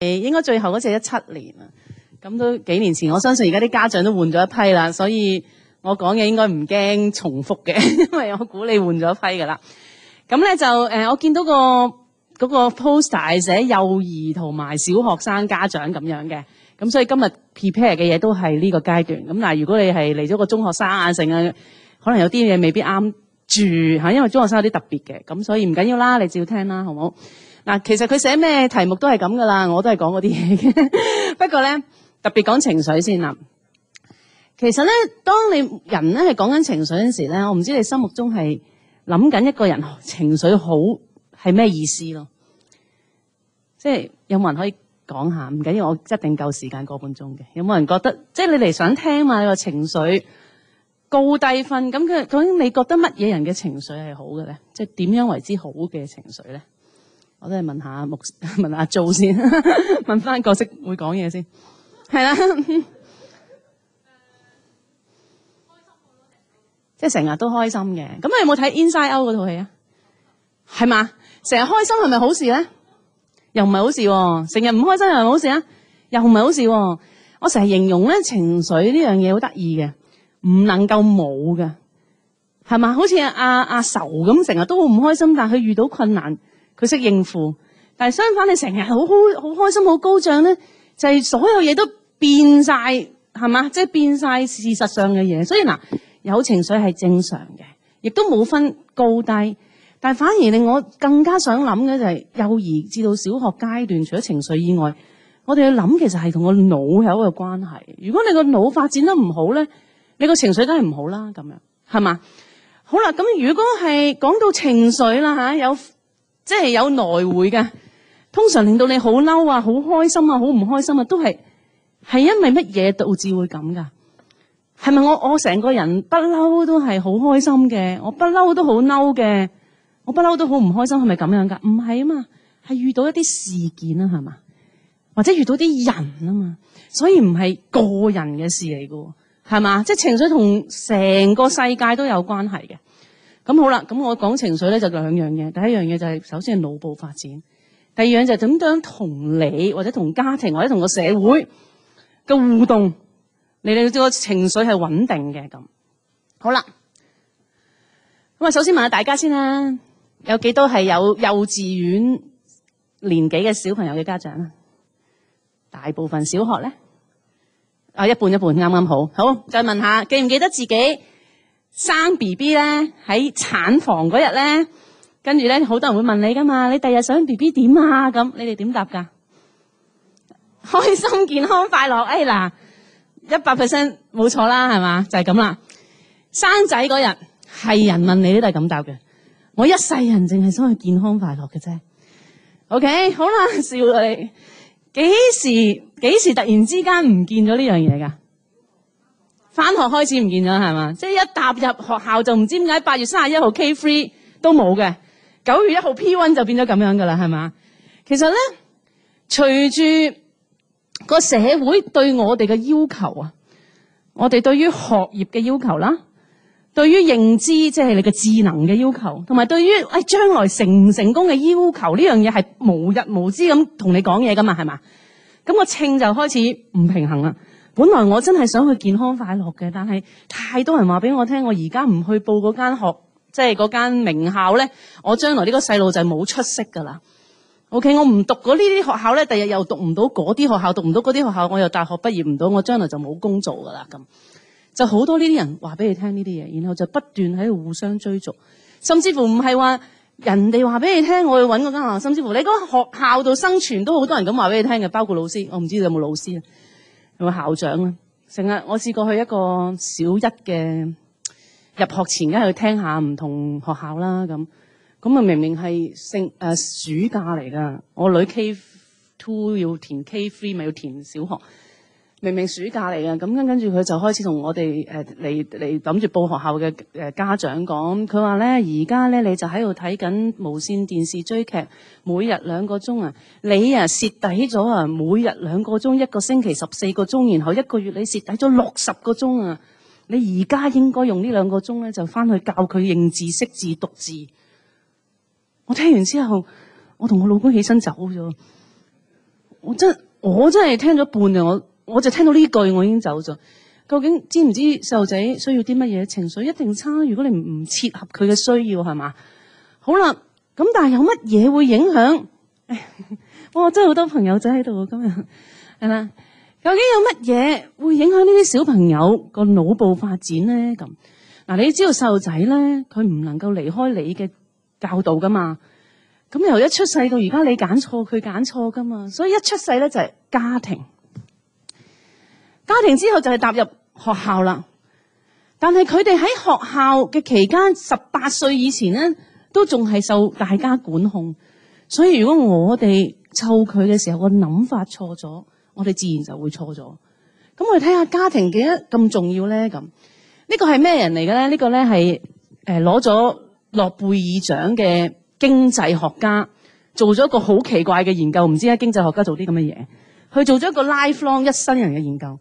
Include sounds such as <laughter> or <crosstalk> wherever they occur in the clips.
係應該最後嗰隻一七年啊，咁都幾年前，我相信而家啲家長都換咗一批啦，所以我講嘢應該唔驚重複嘅，因為我估你換咗一批噶啦。咁咧就誒，我見到個嗰個 poster 寫幼兒同埋小學生家長咁樣嘅，咁所以今日 prepare 嘅嘢都係呢個階段。咁嗱，如果你係嚟咗個中學生，啊，剩啊，可能有啲嘢未必啱住吓，因為中學生有啲特別嘅，咁所以唔緊要啦，你照聽啦，好唔好？嗱，其實佢寫咩題目都係咁噶啦，我都係講嗰啲嘢。不過咧，特別講情緒先啦。其實咧，當你人咧係講緊情緒嗰時咧，我唔知你心目中係諗緊一個人情緒好係咩意思咯？即係有冇人可以講下？唔緊要，我一定夠時間個半鐘嘅。有冇人覺得即係你嚟想聽下你個情緒高低分咁究竟你覺得乜嘢人嘅情緒係好嘅咧？即係點樣為之好嘅情緒咧？我都係問下木問阿 Joe 先，問翻角色會講嘢先，係啦，嗯、 <laughs> 即係成日都開心嘅。咁你有冇睇 Inside Out 嗰套戲啊？係嘛，成日開心係咪好事咧？又唔係好事喎。成日唔開心係咪好事啊？又唔係好事喎、啊。我成日形容咧情緒呢樣嘢好得意嘅，唔能夠冇嘅，係嘛？好似阿阿愁咁，成、啊、日都好唔開心，但係佢遇到困難。佢識應付，但係相反，你成日好好好開心、好高漲咧，就係所有嘢都變晒，係嘛？即係變晒事實上嘅嘢。所以嗱，有情緒係正常嘅，亦都冇分高低。但係反而令我更加想諗嘅就係幼兒至到小學階段，除咗情緒以外，我哋去諗其實係同個腦有一個關係。如果你個腦發展得唔好咧，你個情緒梗係唔好啦。咁樣係嘛？好啦，咁如果係講到情緒啦吓。有。即係有來回㗎，通常令到你好嬲啊、好開心啊、好唔開心啊，都係係因為乜嘢導致會咁噶？係咪我我成個人不嬲都係好開心嘅？我不嬲都好嬲嘅？我不嬲都好唔開心？係咪咁樣噶？唔係啊嘛，係遇到一啲事件啊，係嘛？或者遇到啲人啊嘛，所以唔係個人嘅事嚟噶，係嘛？即係情緒同成個世界都有關係嘅。咁好啦，咁我講情緒咧就兩樣嘢，第一樣嘢就係、是、首先係腦部發展，第二樣就係點樣同你或者同家庭或者同個社會嘅互動嚟到呢個情緒係穩定嘅咁。好啦，咁啊，首先問下大家先啦，有幾多係有幼稚園年紀嘅小朋友嘅家長咧？大部分小學咧，啊一半一半，啱啱好。好，再問下，記唔記得自己？生 B B 咧喺產房嗰日咧，跟住咧好多人會問你噶嘛，你第日想 B B 點啊？咁你哋點答噶？開心、健康、快樂，哎嗱，一百 percent 冇錯啦，係嘛？就係、是、咁啦。生仔嗰日係人問你都係咁答嘅，我一世人淨係想去健康快樂嘅啫。OK，好啦，少女幾時幾時突然之間唔見咗呢樣嘢噶？返學開始唔見咗，係嘛？即係一踏入學校就唔知點解八月三十一號 K three 都冇嘅，九月一號 P one 就變咗咁樣噶啦，係嘛？其實咧，隨住個社會對我哋嘅要求啊，我哋對於學業嘅要求啦，對於認知即係你嘅智能嘅要求，同埋對於誒將來成唔成功嘅要求，呢樣嘢係無日無之咁同你講嘢噶嘛，係嘛？咁個稱就開始唔平衡啦。本來我真係想去健康快樂嘅，但係太多人話俾我聽，我而家唔去報嗰間學，即係嗰間名校呢，我將來呢個細路仔冇出息噶啦。OK，我唔讀過呢啲學校呢，第日又讀唔到嗰啲學校，讀唔到嗰啲學校，我又大學畢業唔到，我將來就冇工做噶啦咁。就好多呢啲人話俾你聽呢啲嘢，然後就不斷喺度互相追逐，甚至乎唔係話人哋話俾你聽，我要揾嗰間學校，甚至乎你嗰個學校度生存都好多人咁話俾你聽嘅，包括老師，我唔知你有冇老師？個校長啊，成日我試過去一個小一嘅入學前，梗係去聽下唔同學校啦咁。咁啊明明係升誒暑假嚟噶，我女 K two 要填 K three，咪要填小學。明明暑假嚟㗎，咁跟跟住佢就開始同我哋嚟嚟諗住報學校嘅家長講，佢話咧而家咧你就喺度睇緊無線電視追劇，每日兩個鐘啊，你啊蝕底咗啊，每日兩個鐘一個星期十四個鐘，然後一個月你蝕底咗六十個鐘啊，你而家應該用呢兩個鐘咧就翻去教佢認字識字讀字。我聽完之後，我同我老公起身走咗。我真我真係聽咗半日。我。我就聽到呢句，我已經走咗。究竟知唔知細路仔需要啲乜嘢？情緒一定差。如果你唔唔切合佢嘅需要，係嘛？好啦，咁但係有乜嘢會影響？我真係好多朋友仔喺度今日係啦。究竟有乜嘢會影響呢啲小朋友個腦部發展咧？咁嗱，你知道細路仔咧，佢唔能夠離開你嘅教導噶嘛。咁由一出世到而家，你揀錯佢揀錯噶嘛。所以一出世咧就係家庭。家庭之後就係踏入學校啦，但係佢哋喺學校嘅期間，十八歲以前咧都仲係受大家管控，所以如果我哋湊佢嘅時候，個諗法錯咗，我哋自然就會錯咗。咁我哋睇下家庭幾咁咁重要咧？咁呢個係咩人嚟嘅咧？呢個咧係攞咗諾貝爾獎嘅經濟學家，做咗一個好奇怪嘅研究，唔知咧經濟學家做啲咁嘅嘢，佢做咗一個 life-long 一生人嘅研究。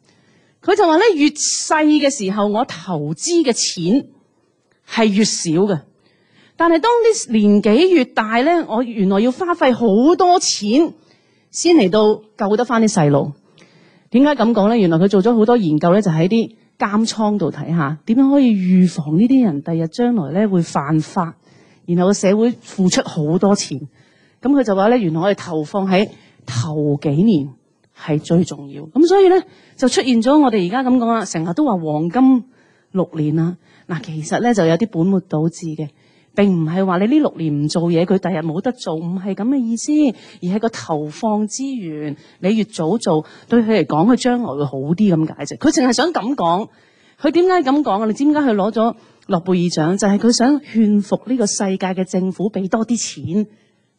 佢就話咧，越細嘅時候，我投資嘅錢係越少嘅。但係當啲年紀越大呢，我原來要花費好多錢先嚟到救得返啲細路。點解咁講呢？原來佢做咗好多研究呢，就喺啲監倉度睇下點樣可以預防呢啲人第日將來呢會犯法，然後個社會付出好多錢。咁佢就話呢，原來我哋投放喺頭幾年，係最重要咁，所以呢，就出現咗我哋而家咁講啦，成日都話黃金六年啦。嗱，其實呢就有啲本末倒置嘅，並唔係話你呢六年唔做嘢，佢第日冇得做，唔係咁嘅意思，而係個投放資源，你越早做，對佢嚟講，佢將來會好啲咁解啫。佢淨係想咁講，佢點解咁講啊？你知唔知？佢攞咗諾貝爾獎，就係、是、佢想勸服呢個世界嘅政府俾多啲錢，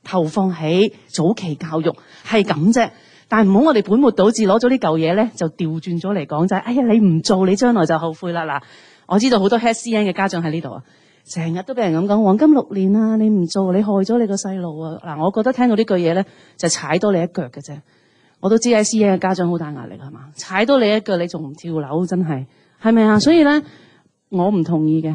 投放喺早期教育，係咁啫。但係唔好，我哋本末倒置，攞咗呢嚿嘢咧，就調轉咗嚟講就係、是、哎呀，你唔做，你將來就後悔啦嗱。我知道好多 SEN 嘅家長喺呢度啊，成日都俾人咁講黃金六年啊，你唔做，你害咗你個細路啊嗱。我覺得聽到句呢句嘢咧，就是、踩多你一腳嘅啫。我都知喺 SEN 嘅家長好大壓力係嘛，踩多你一腳，你仲唔跳樓真係係咪啊？所以咧，我唔同意嘅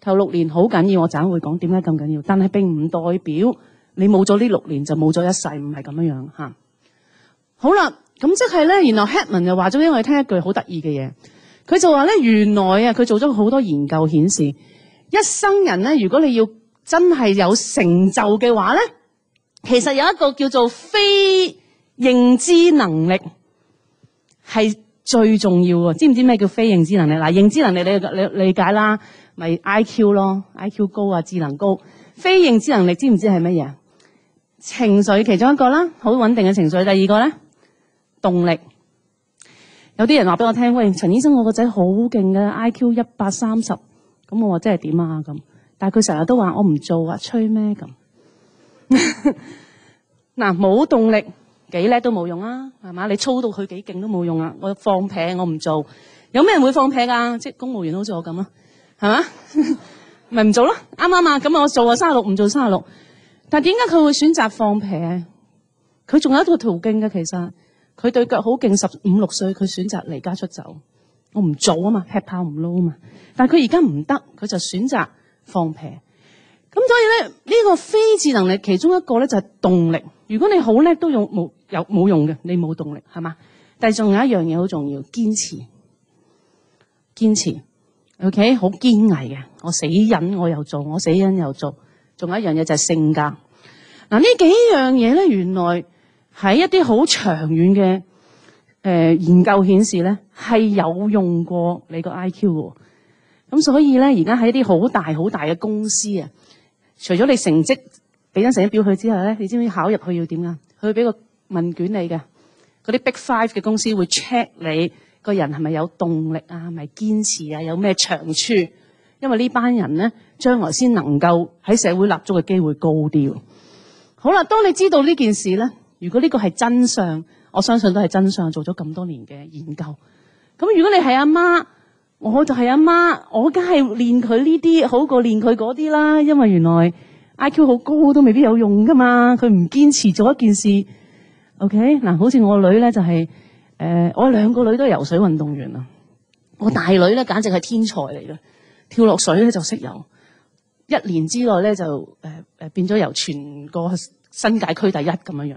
頭六年好緊要，我陣會講點解咁緊要，但係並唔代表你冇咗呢六年就冇咗一世，唔係咁樣樣吓。好啦，咁即係咧。然後 Herman 就話咗俾我聽一句好得意嘅嘢，佢就話咧，原來啊，佢做咗好多研究顯示，一生人咧，如果你要真係有成就嘅話咧，其實有一個叫做非認知能力係最重要喎。知唔知咩叫非認知能力？嗱，認知能力你你理解啦，咪、就是、IQ 咯，IQ 高啊，智能高。非認知能力知唔知係乜嘢？情緒其中一個啦，好穩定嘅情緒。第二個咧？動力有啲人話俾我聽，喂，陳醫生，我個仔好勁嘅 I.Q. 一百三十，咁我話即係點啊咁。但係佢成日都話我唔做啊，吹咩咁嗱？冇 <laughs> 動力幾叻都冇用啊，係嘛？你操到佢幾勁都冇用啊。我放屁，我唔做，有咩人會放屁啊？即係公務員 <laughs> 好似我咁咯，係嘛咪唔做咯？啱啱啊，咁我做啊，卅六唔做卅六。但係點解佢會選擇放屁？佢仲有一個途徑嘅，其實。佢對腳好勁，十五六歲佢選擇離家出走。我唔做啊嘛，劈炮唔撈啊嘛。但係佢而家唔得，佢就選擇放屁。咁所以咧，呢個非智能力其中一個咧就係動力。如果你好叻都用冇有冇用嘅，你冇動力係嘛？但係仲有一樣嘢好重要，堅持，堅持。OK，好堅毅嘅，我死忍我又做，我死忍又做。仲有一樣嘢就係性格。嗱，呢幾樣嘢咧，原來。喺一啲好長遠嘅誒、呃、研究顯示咧，係有用過你個 IQ 喎。咁所以咧，而家喺一啲好大好大嘅公司啊，除咗你成績俾咗成績表佢之後咧，你知唔知考入去要點噶？佢會俾個問卷你嘅，嗰啲 Big Five 嘅公司會 check 你個人係咪有動力啊，係咪堅持啊，有咩長處？因為呢班人咧，將來先能夠喺社會立足嘅機會高啲。好啦，當你知道呢件事咧。如果呢個係真相，我相信都係真相。做咗咁多年嘅研究，咁如果你係阿媽，媽，我就係阿媽，媽，我梗係練佢呢啲好過練佢嗰啲啦。因為原來 IQ 好高都未必有用噶嘛。佢唔堅持做一件事，OK 嗱，好似我女呢，就係、是、誒，我兩個女都係游水運動員啊。我大女呢，簡直係天才嚟嘅，跳落水呢，就識游；一年之內呢，就誒誒變咗游全個新界區第一咁樣樣。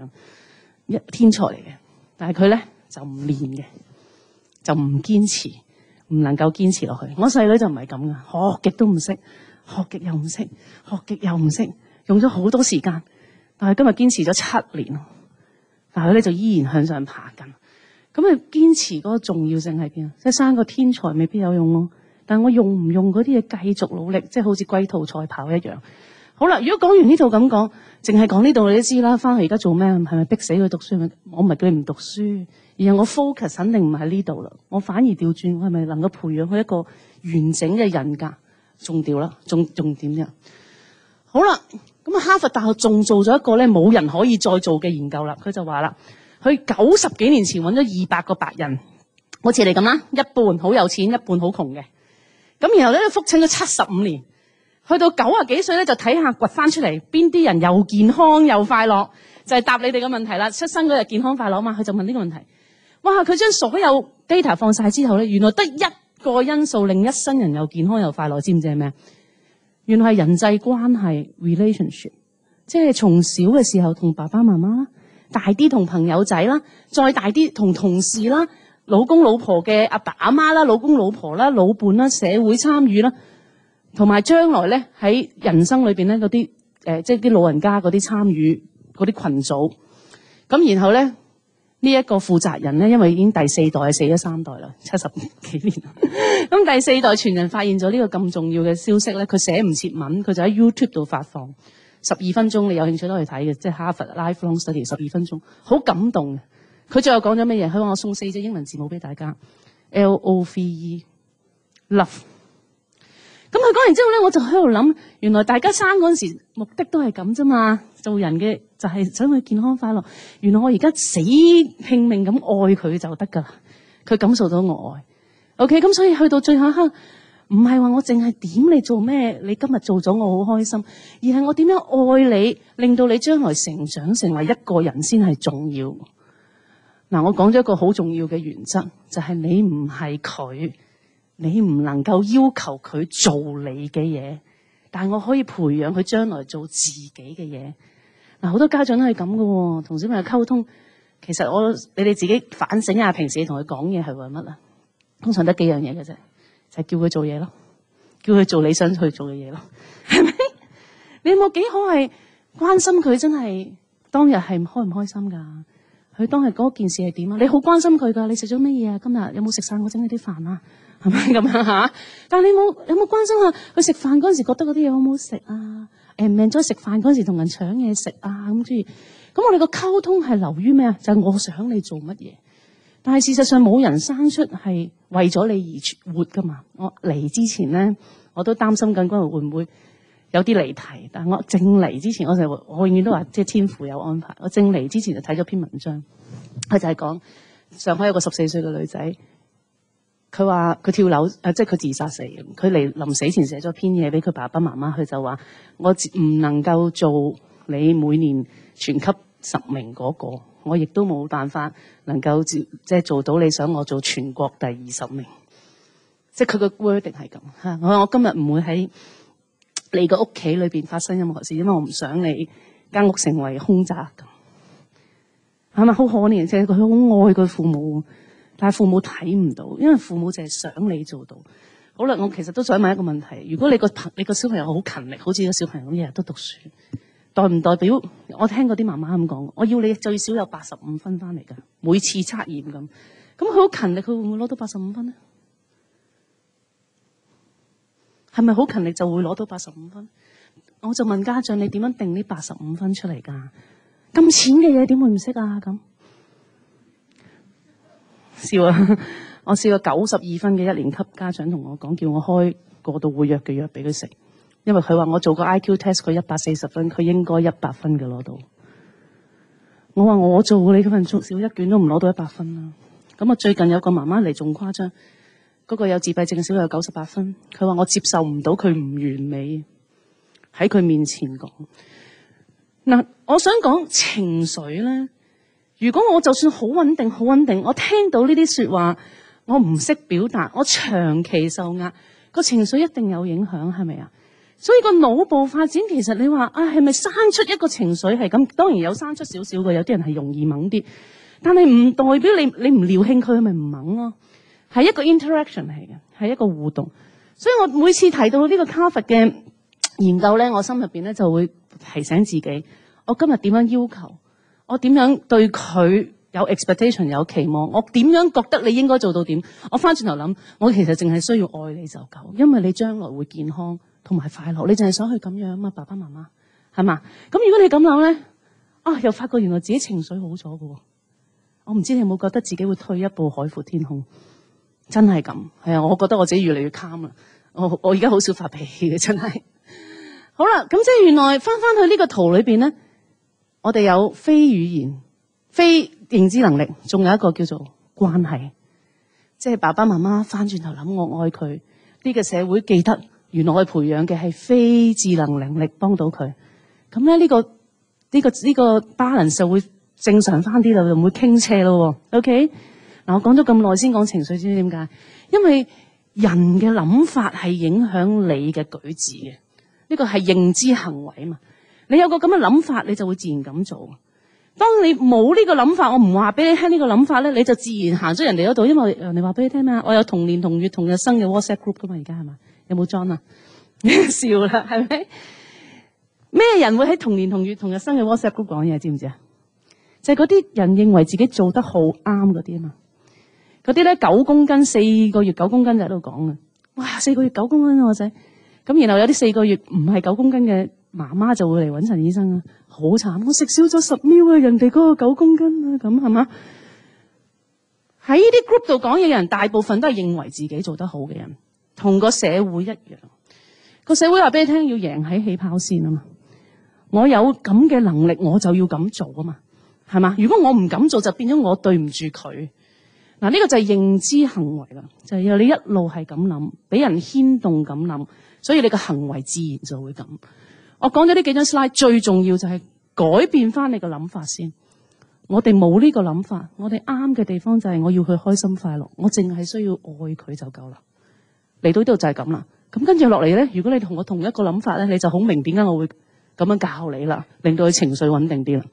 一天才嚟嘅，但係佢咧就唔練嘅，就唔堅持，唔能夠堅持落去。我細女就唔係咁嘅，學極都唔識，學極又唔識，學極又唔識，用咗好多時間，但係今日堅持咗七年，但係佢咧就依然向上爬緊。咁啊，堅持嗰個重要性喺邊啊？即係生個天才未必有用咯，但我用唔用嗰啲嘢繼續努力，即係好似龜兔賽跑一樣。好啦，如果講完呢套咁講，淨係講呢度，你都知啦。翻去而家做咩？係咪逼死佢讀書？係咪我唔係叫你唔讀書，而係我 focus 肯定唔喺呢度啦。我反而調轉，我係咪能夠培養佢一個完整嘅人格？重點啦，重重點啫。好啦，咁啊哈佛大學仲做咗一個咧，冇人可以再做嘅研究啦。佢就話啦，佢九十幾年前搵咗二百個白人，好似你咁啦，一半好有錢，一半好窮嘅。咁然後咧，都復侍咗七十五年。去到九啊幾歲咧，就睇下掘翻出嚟，邊啲人又健康又快樂，就係答你哋嘅問題啦。出生嗰日健康快樂啊嘛，佢就問呢個問題。哇！佢將所有 data 放晒之後咧，原來得一個因素令一生人又健康又快樂，知唔知係咩？原來係人際關係 relationship，即係從小嘅時候同爸爸媽媽啦，大啲同朋友仔啦，再大啲同同事啦，老公老婆嘅阿爸阿媽啦，老公老婆啦，老伴啦，社會參與啦。同埋將來咧喺人生裏邊咧嗰啲誒，即係啲老人家嗰啲參與嗰啲群組，咁然後咧呢一個負責人咧，因為已經第四代啊，死咗三代啦，七十幾年，咁 <laughs> 第四代傳人發現咗呢個咁重要嘅消息咧，佢寫唔切文，佢就喺 YouTube 度發放十二分鐘，你有興趣都可以睇嘅，即係哈佛 Lifelong Study 十二分鐘，好感動嘅。佢最後講咗咩嘢？佢話我送四隻英文字母俾大家，L O V E，Love。L-O-V-E, Love. 咁佢講完之後咧，我就喺度諗，原來大家生嗰陣時目的都係咁啫嘛，做人嘅就係想佢健康快樂。原來我而家死拼命咁愛佢就得噶啦，佢感受到我愛。OK，咁所以去到最後一刻，唔係話我淨係點你做咩，你今日做咗我好開心，而係我點樣愛你，令到你將來成長成為一個人先係重要。嗱，我講咗一個好重要嘅原則，就係你唔係佢。你唔能夠要求佢做你嘅嘢，但係我可以培養佢將來做自己嘅嘢嗱。好多家長都係咁嘅，同小朋友溝通。其實我你哋自己反省一下，平時你同佢講嘢係為乜啊？通常得幾樣嘢嘅啫，就係叫佢做嘢咯，叫佢做你想去做嘅嘢咯，係咪？你有冇幾可係關心佢？真係當日係開唔開心㗎？佢當日嗰件事係點啊？你好關心佢㗎，你食咗乜嘢啊？今日有冇食曬我整嗰啲飯啊？咁樣吓？但你冇有冇關心下佢食飯嗰時候覺得嗰啲嘢好唔好食啊？誒，命咗食飯嗰時同人搶嘢食啊？咁之咁我哋個溝通係流於咩啊？就係、是、我想你做乜嘢。但係事實上冇人生出係為咗你而活噶嘛。我嚟之前咧，我都擔心緊今日會唔會有啲離題。但係我正嚟之前，我就我永遠都話即係天父有安排。我正嚟之前就睇咗篇文章，佢就係講上海有個十四歲嘅女仔。佢話：佢跳樓，誒，即係佢自殺死。佢嚟臨死前寫咗篇嘢俾佢爸爸媽媽，佢就話：我唔能夠做你每年全級十名嗰個，我亦都冇辦法能夠即係做到你想我做全國第二十名。即係佢嘅 wording 係咁嚇。我我今日唔會喺你個屋企裏邊發生任何事，因為我唔想你間屋成為空宅咁。係咪好可憐？即係佢好愛佢父母。但係父母睇唔到，因為父母淨係想你做到。好啦，我其實都想問一個問題，如果你個朋、你個小朋友好勤力，好似個小朋友咁日日都讀書，代唔代表我聽嗰啲媽媽咁講？我要你最少有八十五分翻嚟噶，每次測驗咁。咁佢好勤力，佢會唔會攞到八十五分呢？係咪好勤力就會攞到八十五分？我就問家長，你點樣定呢八十五分出嚟噶？咁淺嘅嘢點會唔識啊？咁？笑啊！我試過九十二分嘅一年級家長同我講，叫我開過度活躍嘅藥俾佢食，因為佢話我做過 IQ test，佢一百四十分，佢應該一百分嘅攞到。我話我做你嗰份作，小一卷都唔攞到一百分啦。咁啊，最近有個媽媽嚟仲誇張，嗰、那個有自閉症嘅小朋友九十八分，佢話我接受唔到佢唔完美，喺佢面前講。嗱，我想講情緒咧。如果我就算好穩定，好穩定，我聽到呢啲説話，我唔識表達，我長期受壓，個情緒一定有影響，係咪啊？所以個腦部發展其實你話啊，係、哎、係咪生出一個情緒係咁？當然有生出少少嘅，有啲人係容易懵啲，但係唔代表你你唔撩興趣，佢咪唔懵咯？係一個 interaction 嚟嘅，係一個互動。所以我每次提到呢個 Carver 嘅研究呢，我心入邊咧就會提醒自己，我今日點樣要求？我點樣對佢有 expectation 有期望？我點樣覺得你應該做到點？我翻轉頭諗，我其實淨係需要愛你就夠，因為你將來會健康同埋快樂。你淨係想去咁樣啊嘛？爸爸媽媽係嘛？咁如果你咁諗呢？啊，又發覺原來自己情緒好咗噶。我唔知你有冇覺得自己會退一步海闊天空？真係咁係啊！我覺得我自己越嚟越 calm 啦。我我而家好少發脾氣嘅，真係。好啦，咁即係原來翻翻去呢個圖裏邊呢。我哋有非語言、非認知能力，仲有一個叫做關係，即係爸爸媽媽翻轉頭諗我愛佢。呢個社會記得原來我培養嘅係非智能能力幫到佢。咁咧，呢個呢個呢個平衡社會正常翻啲就唔會傾斜咯。OK 嗱，我講咗咁耐先講情緒，先，知唔知點解？因為人嘅諗法係影響你嘅舉止嘅，呢個係認知行為啊嘛。你有個咁嘅諗法，你就會自然咁做。當你冇呢個諗法，我唔話俾你聽呢個諗法咧，你就自然行咗人哋嗰度。因為人哋話俾你聽咩啊？我有同年同月同日生嘅 WhatsApp group 噶嘛？而家係嘛？有冇 join 啊？你笑啦，係咪咩人會喺同年同月同日生嘅 WhatsApp group 講嘢？知唔知啊？就係嗰啲人認為自己做得好啱嗰啲啊嘛。嗰啲咧九公斤四個月九公斤就喺度講啊！哇，四個月九公斤我仔咁，然後有啲四個月唔係九公斤嘅。媽媽就會嚟搵陳醫生啊！好慘，我食少咗十秒啊！人哋嗰個九公斤啊，咁係嘛？喺呢啲 group 度講嘢嘅人大部分都係認為自己做得好嘅人，同個社會一樣。個社會話俾你聽，要贏喺起跑線啊嘛。我有咁嘅能力，我就要咁做啊嘛，係嘛？如果我唔敢做，就變咗我對唔住佢嗱。呢、這個就係認知行為啦，就係、是、你一路係咁諗，俾人牽動咁諗，所以你嘅行為自然就會咁。我講咗呢幾張 slide，最重要就係改變翻你個諗法先。我哋冇呢個諗法，我哋啱嘅地方就係我要去開心快樂，我淨係需要愛佢就夠啦。嚟到呢度就係咁啦。咁跟住落嚟咧，如果你同我同一個諗法咧，你就好明點解我會咁樣教你啦，令到佢情緒穩定啲啦。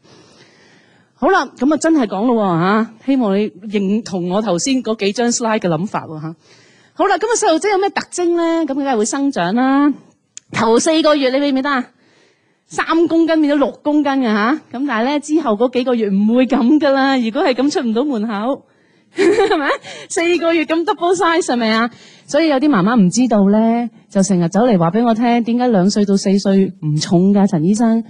好啦，咁啊真係講咯嚇。希望你認同我頭先嗰幾張 slide 嘅諗法喎嚇。好啦，咁啊細路仔有咩特徵咧？咁梗係會生長啦。頭四個月你俾唔記得啊？三公斤變咗六公斤啊吓！咁但係咧，之後嗰幾個月唔會咁噶啦。如果係咁，出唔到門口，係 <laughs> 咪？四個月咁 double size 係咪啊？所以有啲媽媽唔知道咧，就成日走嚟話俾我聽，點解兩歲到四歲唔重噶？陳醫生，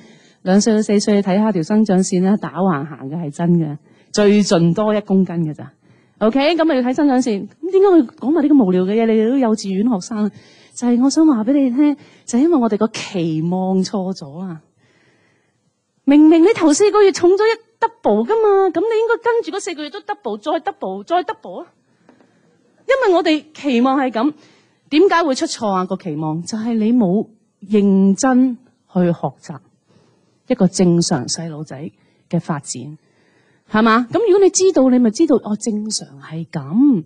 兩歲到四歲睇下條生長線啦，打橫行嘅係真嘅。最盡多一公斤噶咋？OK，咁咪要睇生長線。咁點解我要講埋啲咁無聊嘅嘢？你哋都幼稚園學生。就係、係、我想話俾你聽，就係、因為我哋個期望錯咗啊！明明你頭四個月重咗一 double 噶嘛，咁你應該跟住嗰四個月都 double，再 double，再 double 啊！因為我哋期望係咁，點解會出錯啊？個期望就係你冇認真去學習一個正常細路仔嘅發展，係嘛？咁如果你知道，你咪知道哦，正常係咁。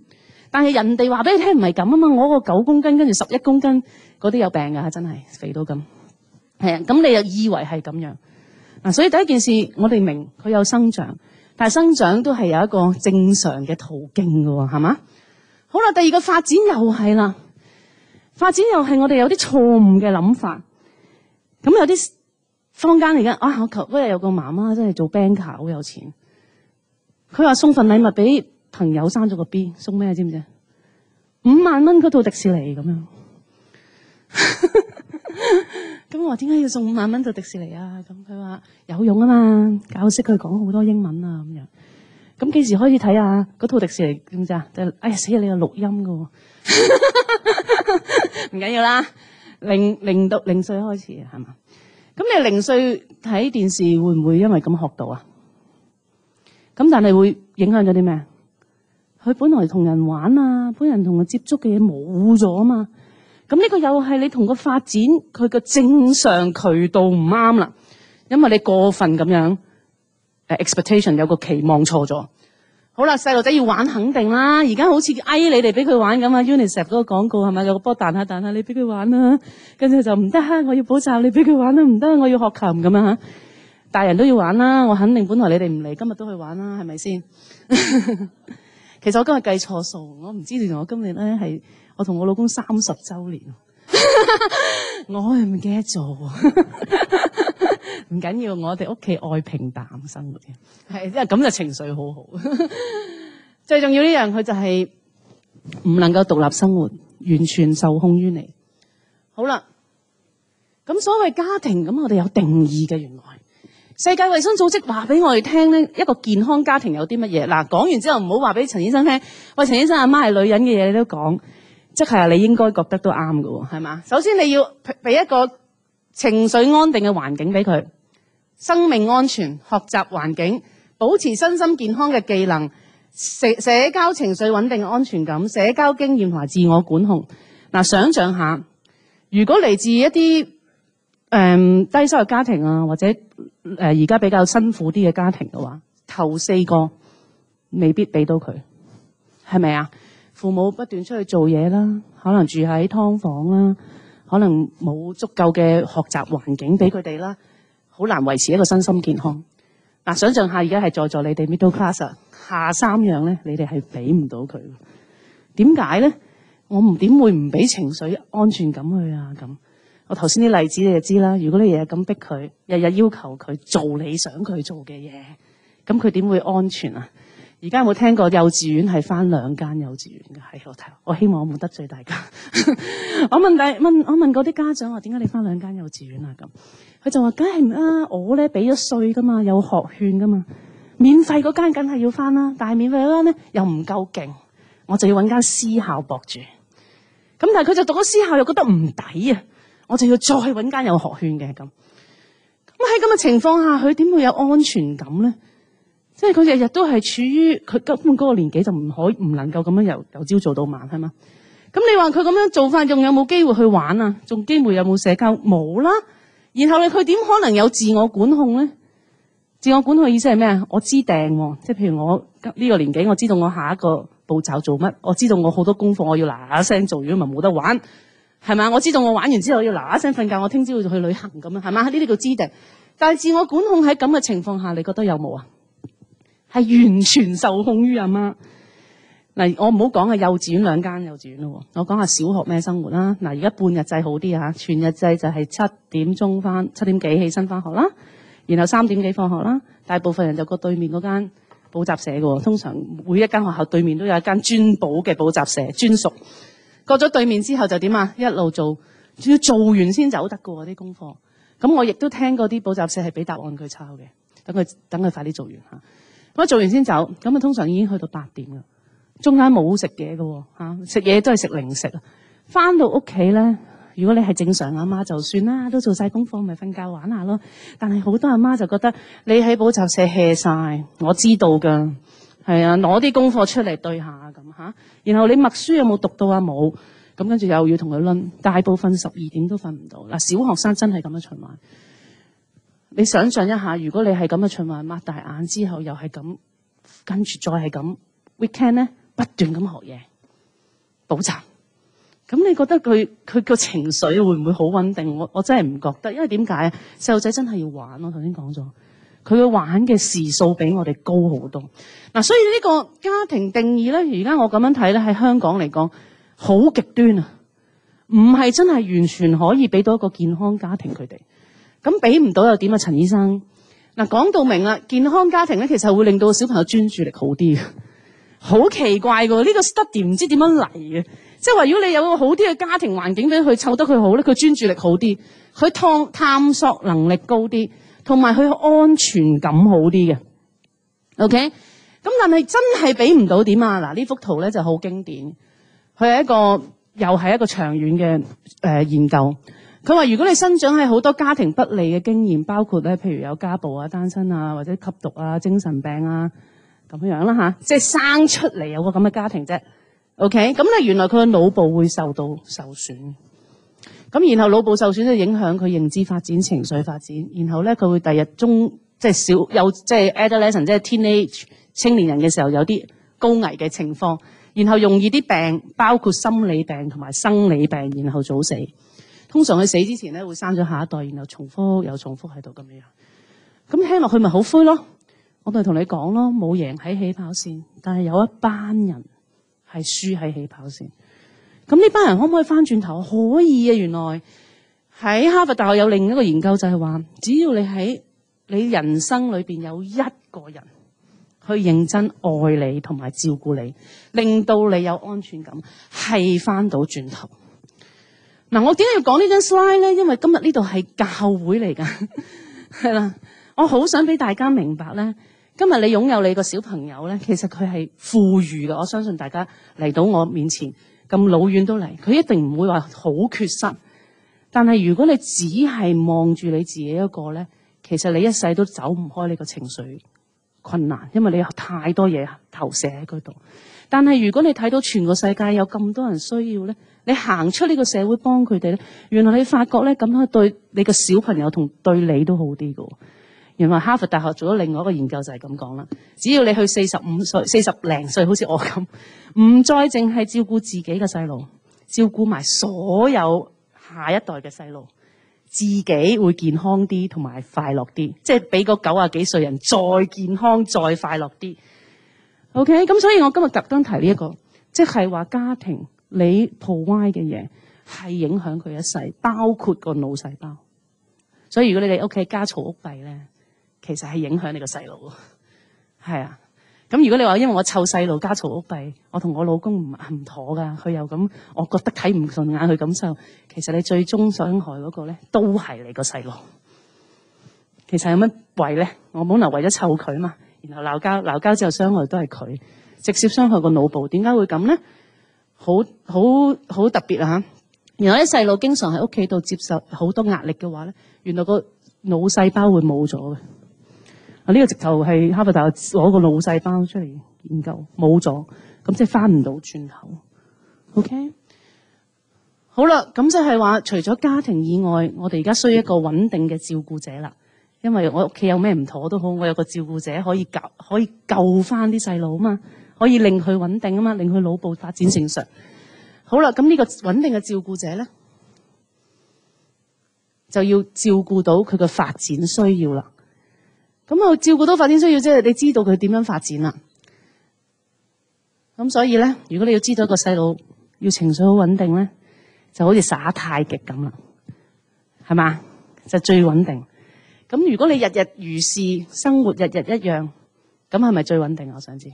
但係人哋話俾你聽唔係咁啊嘛！我個九公斤跟住十一公斤嗰啲有病㗎，真係肥到咁。係啊，咁你又以為係咁樣。所以第一件事我哋明佢有生長，但係生長都係有一個正常嘅途徑㗎喎，係嘛？好啦，第二個發展又係啦，發展又係我哋有啲錯誤嘅諗法，咁有啲坊間嚟嘅啊！我頭嗰日有個媽媽真係做 banker 好有錢，佢話送份禮物俾。朋友生咗個 B 送咩？知唔知五萬蚊嗰套迪士尼咁樣咁？我話，點解要送五萬蚊套迪士尼啊？咁佢話有用啊嘛，教識佢講好多英文啊咁樣。咁幾時開始睇啊？嗰套迪士尼知唔知啊？哎呀，死，你又錄音噶喎，唔緊要啦。零零到零歲開始，係嘛？咁你零歲睇電視會唔會因為咁學到啊？咁但係會影響咗啲咩？佢本來同人玩啊，本人同人接觸嘅嘢冇咗啊嘛。咁呢個又係你同個發展佢個正常渠道唔啱啦，因為你過分咁樣、 <music> uh, expectation 有個期望錯咗。好啦，細路仔要玩肯定啦。而家好似哎，你哋俾佢玩咁啊，Unicef 嗰個廣告係咪有個波彈下彈下？你俾佢玩啦，跟住就唔得，我要補習。你俾佢玩都唔得，我要學琴咁啊嚇。大人都要玩啦，我肯定本來你哋唔嚟，今日都去玩啦，係咪先？ <laughs> 其實我今日計錯數，我唔知連我今年咧係我同我老公三十週年， <laughs> 我係唔記得咗。唔 <laughs> <laughs> 緊要，我哋屋企愛平淡生活嘅，係即係咁就情緒好好。 <laughs> 最重要呢樣佢就係唔能夠獨立生活，完全受控於你。好啦，咁所謂家庭咁，我哋有定義嘅原來。世界衛生組織話俾我哋聽，呢一個健康家庭有啲乜嘢嗱？講完之後唔好話俾陳醫生聽。喂，陳醫生，阿媽係女人嘅嘢你都講，即係你應該覺得都啱㗎喎，係嘛？首先你要俾一個情緒安定嘅環境俾佢，生命安全、學習環境、保持身心健康嘅技能、社交情緒穩定安全感、社交經驗同埋自我管控嗱。想像下，如果嚟自一啲、呃、低收入家庭啊，或者誒而家比較辛苦啲嘅家庭嘅話，頭四個未必俾到佢，係咪啊？父母不斷出去做嘢啦，可能住喺劏房啦，可能冇足夠嘅學習環境俾佢哋啦，好難維持一個身心健康。嗱、啊，想像下而家係在座你哋 middle class，下三樣咧，你哋係俾唔到佢。點解咧？我唔點會唔俾情緒安全感佢啊？咁。我頭先啲例子你就知啦。如果你日日咁逼佢，日日要求佢做你想佢做嘅嘢，咁佢點會安全啊？而家有冇聽過幼稚園係翻兩間幼稚園嘅？喺我睇，我希望我冇得罪大家。 <laughs> 我問大問我問嗰啲家長話：點解你翻兩間幼稚園啊？咁佢就話：梗係唔啊！我咧俾咗稅噶嘛，有學券噶嘛，免費嗰間梗係要翻啦。但係免費嗰間咧又唔夠勁，我就要揾間私校博住。咁但係佢就讀咗私校又覺得唔抵啊！我就要再揾間有學圈嘅咁。咁喺咁嘅情況下，佢點會有安全感咧？即係佢日日都係處於佢根本嗰個年紀就唔可唔能夠咁樣由由朝做到晚係嘛？咁你話佢咁樣做法仲有冇機會去玩啊？仲機會有冇社交？冇啦。然後你佢點可能有自我管控咧？自我管控嘅意思係咩啊？我知定即係譬如我呢個年紀我知道我下一個步驟做乜，我知道我好多功課我要嗱嗱聲做，如果唔係冇得玩。係嘛？我知道我玩完之後要嗱嗱聲瞓覺，我聽朝要去旅行咁樣係嘛？呢啲叫知定，但係自我管控喺咁嘅情況下，你覺得有冇啊？係完全受控於阿媽啦。嗱，我唔好講係幼稚園兩間幼稚園咯，我講下小學咩生活啦。嗱，而家半日制好啲嚇，全日制就係七點鐘翻，七點幾起身翻學啦，然後三點幾放學啦。大部分人就過對面嗰間補習社嘅喎，通常每一間學校對面都有一間專補嘅補習社，專屬。過咗對面之後就點啊？一路做，要做完先走得噶喎啲功課。咁我亦都聽過啲補習社係俾答案佢抄嘅，等佢等佢快啲做完吓。咁做完先走，咁啊通常已經去到八點啦。中間冇食嘢噶吓，食嘢都係食零食啊。翻到屋企咧，如果你係正常阿媽就算啦，都做晒功課咪瞓覺玩下咯。但係好多阿媽就覺得你喺補習社 hea 晒，我知道噶。係啊，攞啲功課出嚟對下咁嚇，啊，然後你默書有冇讀到啊？冇，咁跟住又要同佢輪，大部分十二點都瞓唔到。嗱，小學生真係咁嘅循環。你想象一下，如果你係咁嘅循環，擘大眼之後又係咁，跟住再係咁，weekend 呢，不斷咁學嘢補習。咁你覺得佢佢個情緒會唔會好穩定？我我真係唔覺得，因為點解啊？細路仔真係要玩，我頭先講咗。佢嘅玩嘅時數比我哋高好多，嗱，所以呢個家庭定義呢，而家我咁樣睇呢，喺香港嚟講好極端啊，唔係真係完全可以俾到一個健康家庭佢哋，咁俾唔到又點啊？陳醫生，嗱，講到明啦，健康家庭呢，其實會令到小朋友專注力好啲，好奇怪嘅喎，呢個 study 唔知點樣嚟嘅，即係話如果你有個好啲嘅家庭環境俾佢湊得佢好呢，佢專注力好啲，佢探探索能力高啲。同埋佢安全感好啲嘅，OK？咁但係真係俾唔到點啊？嗱，呢幅圖咧就好經典，佢係一個又係一個長遠嘅誒研究。佢話如果你生長喺好多家庭不利嘅經驗，包括咧，譬如有家暴啊、單身啊，或者吸毒啊、精神病啊咁樣啦吓，即係生出嚟有個咁嘅家庭啫。OK？咁咧原來佢嘅腦部會受到受損。咁然後腦部受損都影響佢認知發展、情緒發展，然後咧佢會第日中即係、就是、小有即係、就是、adolescent 即係 teenage 青年人嘅時候有啲高危嘅情況，然後容易啲病，包括心理病同埋生理病，然後早死。通常佢死之前咧會生咗下一代，然後重複又重複喺度咁樣。咁聽落去咪好灰咯？我咪同你講咯，冇贏喺起跑線，但係有一班人係輸喺起跑線。咁呢班人可唔可以翻轉頭？可以啊！原來喺哈佛大學有另一個研究就係話，只要你喺你人生裏邊有一個人去認真愛你同埋照顧你，令到你有安全感，係翻到轉頭。嗱，我點解要講呢張 slide 呢？因為今日呢度係教會嚟噶，係啦，我好想俾大家明白呢，今日你擁有你個小朋友呢，其實佢係富裕嘅。我相信大家嚟到我面前。咁老遠都嚟，佢一定唔會話好缺失。但係如果你只係望住你自己一個呢，其實你一世都走唔開你個情緒困難，因為你有太多嘢投射喺嗰度。但係如果你睇到全個世界有咁多人需要呢，你行出呢個社會幫佢哋呢，原來你發覺呢，咁樣對你個小朋友同對你都好啲嘅。原來哈佛大學做咗另外一個研究就係咁講啦，只要你去四十五歲、四十零歲，好似我咁，唔再淨係照顧自己嘅細路，照顧埋所有下一代嘅細路，自己會健康啲同埋快樂啲，即係俾個九啊幾歲人再健康再快樂啲。OK，咁所以我今日特登提呢一個，即係話家庭你抱歪嘅嘢係影響佢一世，包括個腦細胞。所以如果你哋屋企家嘈屋閉咧～其實係影響你個細路，係啊。咁如果你話因為我湊細路，家嘈屋閉，我同我老公唔唔妥㗎，佢又咁，我覺得睇唔順眼，佢咁就其實你最終傷害嗰個咧，都係你個細路。其實有乜弊咧？我冇能為咗湊佢嘛，然後鬧交鬧交之後傷害都係佢，直接傷害個腦部。點解會咁咧？好好好特別啊！嚇，然後啲細路經常喺屋企度接受好多壓力嘅話咧，原來個腦細胞會冇咗嘅。呢、啊呢個直頭係哈佛大學攞個腦細胞出嚟研究，冇咗，咁即係翻唔到轉頭。OK，好啦，咁即係話，除咗家庭以外，我哋而家需要一個穩定嘅照顧者啦。因為我屋企有咩唔妥都好，我有個照顧者可以救，可以救翻啲細路啊嘛，可以令佢穩定啊嘛，令佢腦部發展成熟。好啦，咁呢個穩定嘅照顧者咧，就要照顧到佢嘅發展需要啦。咁啊，照顧到發展需要即係你知道佢點樣發展啦。咁所以呢，如果你要知道一個細路要情緒好穩定呢，就好似耍太極咁啦，係嘛？就最穩定。咁如果你日日如是，生活日日一樣，咁係咪最穩定啊？我想知。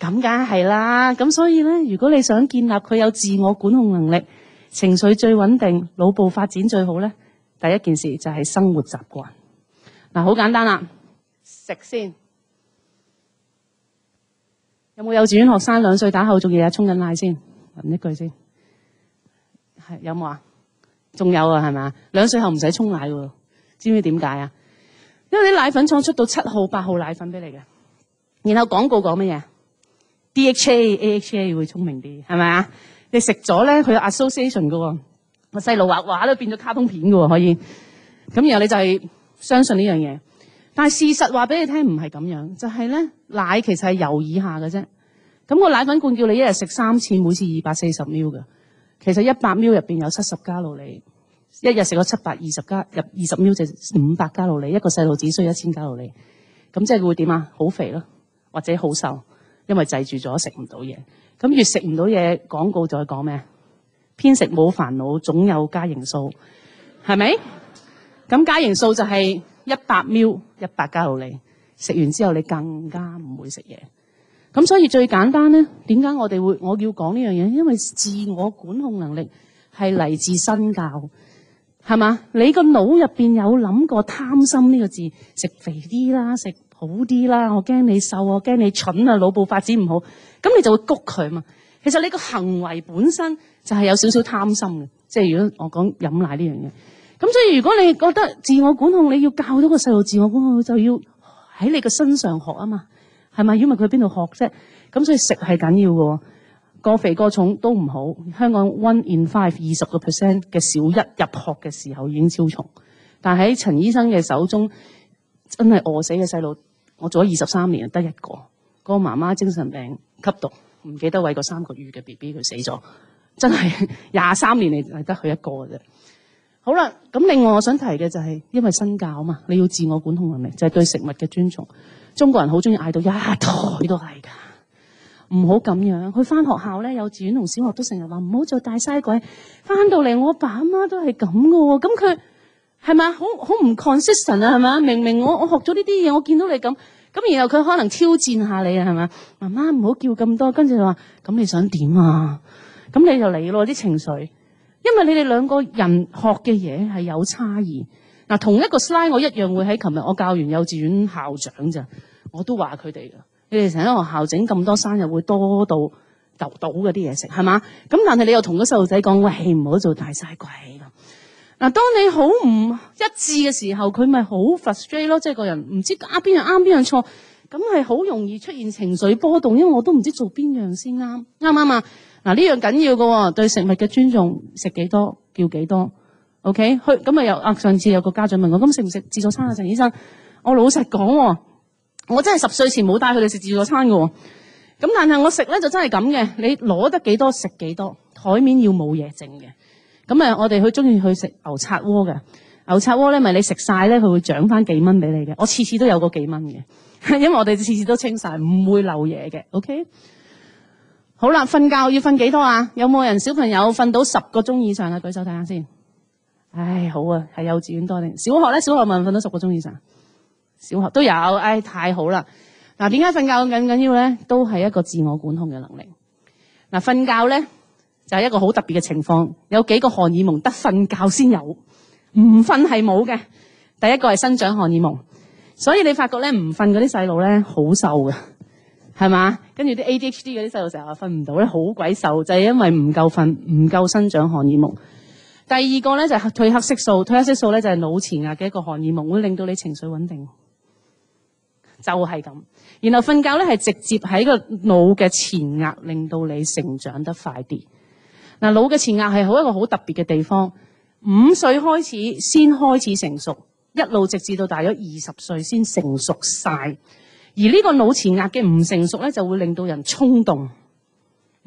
咁梗係啦。咁所以呢，如果你想建立佢有自我管控能力、情緒最穩定、腦部發展最好呢，第一件事就係生活習慣。嗱、啊，好簡單啦，食先吃有冇幼稚園學生兩歲打後，仲嘢日沖緊奶先問一句先係有冇啊？仲有啊，係咪啊？兩歲後唔使沖奶喎，知唔知點解啊？因為啲奶粉廠出到七號八號奶粉俾你嘅，然後廣告講乜嘢？DHA、AHA 會聰明啲，係咪啊？你食咗咧，佢有 association 嘅喎，細路畫畫都變咗卡通片嘅喎，可以咁。然後你就係、是。相信呢樣嘢，但事實話俾你聽唔係咁樣，就係呢奶其實係油以下嘅啫。咁個奶粉罐叫你一日食三次，每次二百四十 ml 嘅，其實一百 ml 入面有七十加路里，一日食咗七百二十加入二十 ml 就五百加路里，一個細路只需要一千加路里，咁即係會點啊？好肥咯，或者好瘦，因為滯住咗食唔到嘢。咁越食唔到嘢，廣告就係講咩？偏食冇煩惱，總有加營素，係咪？咁加營素就係一百 ml 一百卡路里。食完之後，你更加唔會食嘢。咁所以最簡單呢，點解我哋會我要講呢樣嘢？因為自我管控能力係嚟自身教，係嘛？你個腦入邊有諗過貪心呢個字？食肥啲啦，食好啲啦。我驚你瘦啊，驚你蠢啊，腦部發展唔好。咁你就會谷佢嘛。其實你個行為本身就係有少少貪心嘅。即係如果我講飲奶呢樣嘢。咁所以如果你覺得自我管控，你要教到個細路自我管控，就要喺你嘅身上學啊嘛，係咪？如果唔係佢邊度學啫？咁所以食係緊要嘅喎，過肥過重都唔好。香港 one in five 二十個 percent 嘅小一入學嘅時候已經超重，但喺陳醫生嘅手中，真係餓死嘅細路，我做咗二十三年，得一個。嗰、嗰個媽媽精神病吸毒，唔記得餵過三個月嘅 B B，佢死咗，真係廿三年嚟得佢一個啫。好啦，咁另外我想提嘅就係，因為身教啊嘛，你要自我管控能力，就係對食物嘅尊重。中國人好中意嗌到一台都係噶，唔好咁樣。佢翻學校咧，幼稚園同小學都成日話唔好再大嘥鬼。翻到嚟，我爸阿媽都係咁噶喎，咁佢係咪？好好唔 consistent 啊，係咪啊？明明我我學咗呢啲嘢，我見到你咁，咁然後佢可能挑戰下你你啊，係咪啊？媽媽唔好叫咁多，跟住就話咁你想點啊？咁你就理咯啲情緒。因為你哋兩個人學嘅嘢係有差異，嗱同一個 slide 我一樣會喺琴日我教完幼稚園校長咋，我都話佢哋㗎，你哋成間學校整咁多生日會多到頭到嘅啲嘢食，係嘛？咁但係你又同個細路仔講，喂唔好做大晒鬼啦。嗱，當你好唔一致嘅時候，佢咪好 frustrate 咯，即係個人唔知啱邊樣啱邊樣錯，咁係好容易出現情緒波動，因為我都唔知做邊樣先啱，啱唔啱啊？嗱，呢樣緊要㗎喎，對食物嘅尊重，食幾多叫幾多，OK？去咁咪又啊？上次有個家長問我，咁食唔食自助餐、嗯、啊，陳醫生？我老實講喎，我真係十歲前冇帶佢哋食自助餐㗎喎。咁但係我食咧就真係咁嘅，你攞得幾多食幾多，台面要冇嘢剩嘅。咁啊，我哋去中意去食牛叉鍋嘅，牛叉鍋咧咪你食晒咧佢會獎翻幾蚊俾你嘅。我次次都有個幾蚊嘅，因為我哋次次都清晒，唔會漏嘢嘅，OK？好啦，瞓覺要瞓幾多啊？有冇人小朋友瞓到十個鐘以上啊？舉手睇下先。唉，好啊，係幼稚園多啲。小學咧，小學咪瞓到十個鐘以上，小學都有。唉，太好啦。嗱、啊，點解瞓覺咁緊要咧？都係一個自我管控嘅能力。嗱、啊，瞓覺咧就係、是、一個好特別嘅情況，有幾個荷爾蒙得瞓覺先有，唔瞓係冇嘅。第一個係生長荷爾蒙，所以你發覺咧唔瞓嗰啲細路咧好瘦嘅，係嘛？跟住啲 ADHD 嗰啲細路成日話瞓唔到咧，好鬼瘦，就係因為唔夠瞓，唔夠生長荷爾蒙。第二個咧就係褪黑色素，褪黑色素咧就係腦前額嘅一個荷爾蒙，會令到你情緒穩定，就係咁。然後瞓覺咧係直接喺個腦嘅前額令到你成長得快啲。嗱，腦嘅前額係好一個好特別嘅地方，五歲開始先開始成熟，一路直至到大約二十歲先成熟晒。而呢個腦前額嘅唔成熟咧，就會令到人衝動、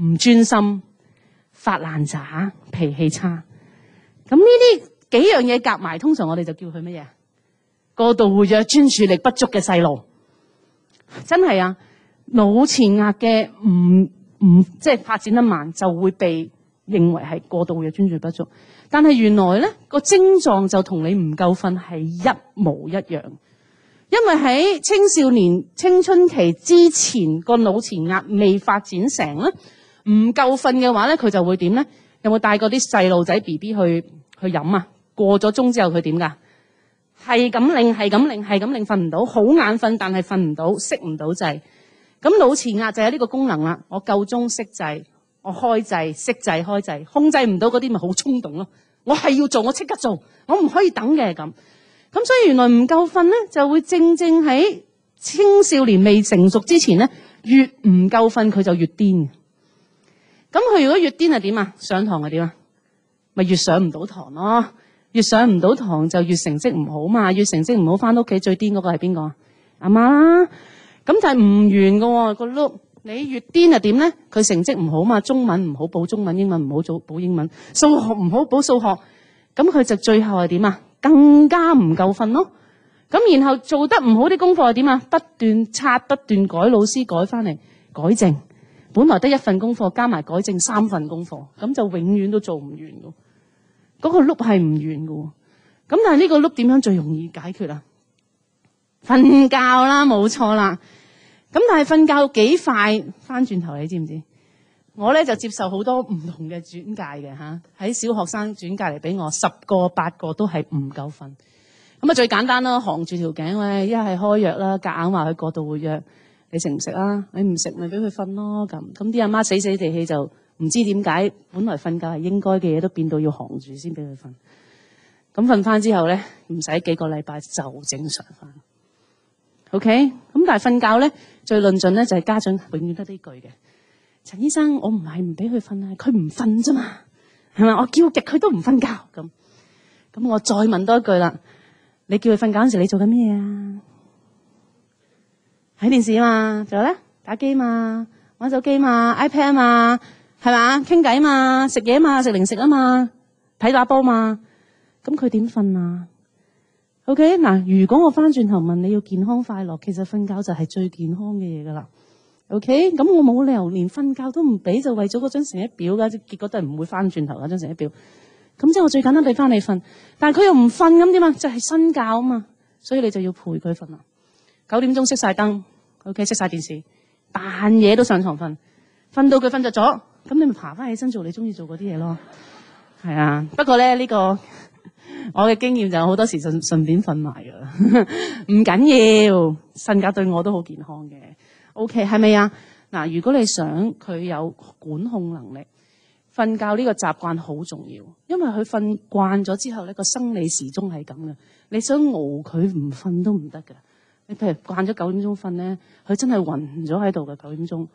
唔專心、發爛渣、脾氣差。咁呢啲幾樣嘢夾埋，通常我哋就叫佢乜嘢？過度活躍、專注力不足嘅細路，真係啊！腦前額嘅唔唔即係發展得慢，就會被認為係過度嘅專注力不足。但係原來咧個症狀就同你唔夠瞓係一模一樣。因為喺青少年青春期之前，個腦前額未發展成咧，唔夠瞓嘅話咧，佢就會點咧？有冇帶過啲細路仔 B B 去去飲啊？過咗鐘之後佢點噶？係咁擰，係咁擰，係咁擰，瞓唔到，好眼瞓但係瞓唔到，熄唔到掣。咁腦前額就有呢個功能啦。我夠鐘熄掣，我開掣熄掣、開掣，控制唔到嗰啲咪好衝動咯。我係要做，我即刻做，我唔可以等嘅咁。咁所以原來唔夠瞓咧，就會正正喺青少年未成熟之前咧，越唔夠瞓佢就越癲。咁佢如果越癲係點啊？上堂係點啊？咪越上唔到堂咯。越上唔到堂就越成績唔好嘛。越成績唔好翻屋企最癲嗰個係邊個？阿媽。咁就係唔完嘅喎個碌。你越癲係點咧？佢成績唔好嘛。中文唔好補中文，英文唔好做補英文，數學唔好補數學。咁佢就最後係點啊？更加唔夠瞓咯，咁然後做得唔好啲功課係點啊？不斷擦，不斷改，老師改翻嚟改正，本來得一份功課，加埋改正三份功課，咁就永遠都做唔完噶。嗰個碌係唔完噶，咁但係呢個碌點樣最容易解決啊？瞓覺啦，冇錯啦，咁但係瞓覺幾快翻轉頭，你知唔知？我咧就接受好多唔同嘅轉介嘅，吓，喺小學生轉介嚟俾我，十個八個都係唔夠瞓。咁啊最簡單啦，扛住條頸咧，一係開藥啦，夾硬話佢過度會藥，你食唔食啊？你唔食咪俾佢瞓咯。咁咁啲阿媽死死地氣就唔知點解，本來瞓覺係應該嘅嘢，都變到要扛住先俾佢瞓陳醫生，我唔係唔俾佢瞓啊，佢唔瞓咋嘛，係咪？我叫極佢都唔瞓覺咁，咁我再問多一句啦，你叫佢瞓覺嗰時你做緊咩啊？睇電視啊嘛，仲有咧打機嘛，玩手機嘛，iPad 嘛，係嘛？傾偈嘛，食嘢嘛，食零食啊嘛，睇打波嘛，咁佢點瞓啊？OK 嗱，如果我翻轉頭問你要健康快樂，其實瞓覺就係最健康嘅嘢噶啦。OK，咁我冇理由連瞓覺都唔俾，就為咗嗰張成績表噶，結果都係唔會翻轉頭噶張成績表。咁即係我最簡單俾翻你瞓，但係佢又唔瞓咁點啊？即係身教啊嘛，所以你就要陪佢瞓啦。九點鐘熄晒燈，OK，熄晒電視，扮嘢都上床瞓，瞓到佢瞓着咗，咁你咪爬翻起身做你中意做嗰啲嘢咯。係啊，不過咧呢、呢個我嘅經驗就好多時就順便瞓埋噶啦，唔 <laughs> 緊要，要，瞓覺對我都好健康嘅。OK，係咪啊？嗱，如果你想佢有管控能力，瞓覺呢個習慣好重要，因為佢瞓慣咗之後咧，個生理時鐘係咁嘅。你想熬佢唔瞓都唔得噶。你譬如慣咗九點鐘瞓咧，佢真係暈咗喺度嘅。九點鐘，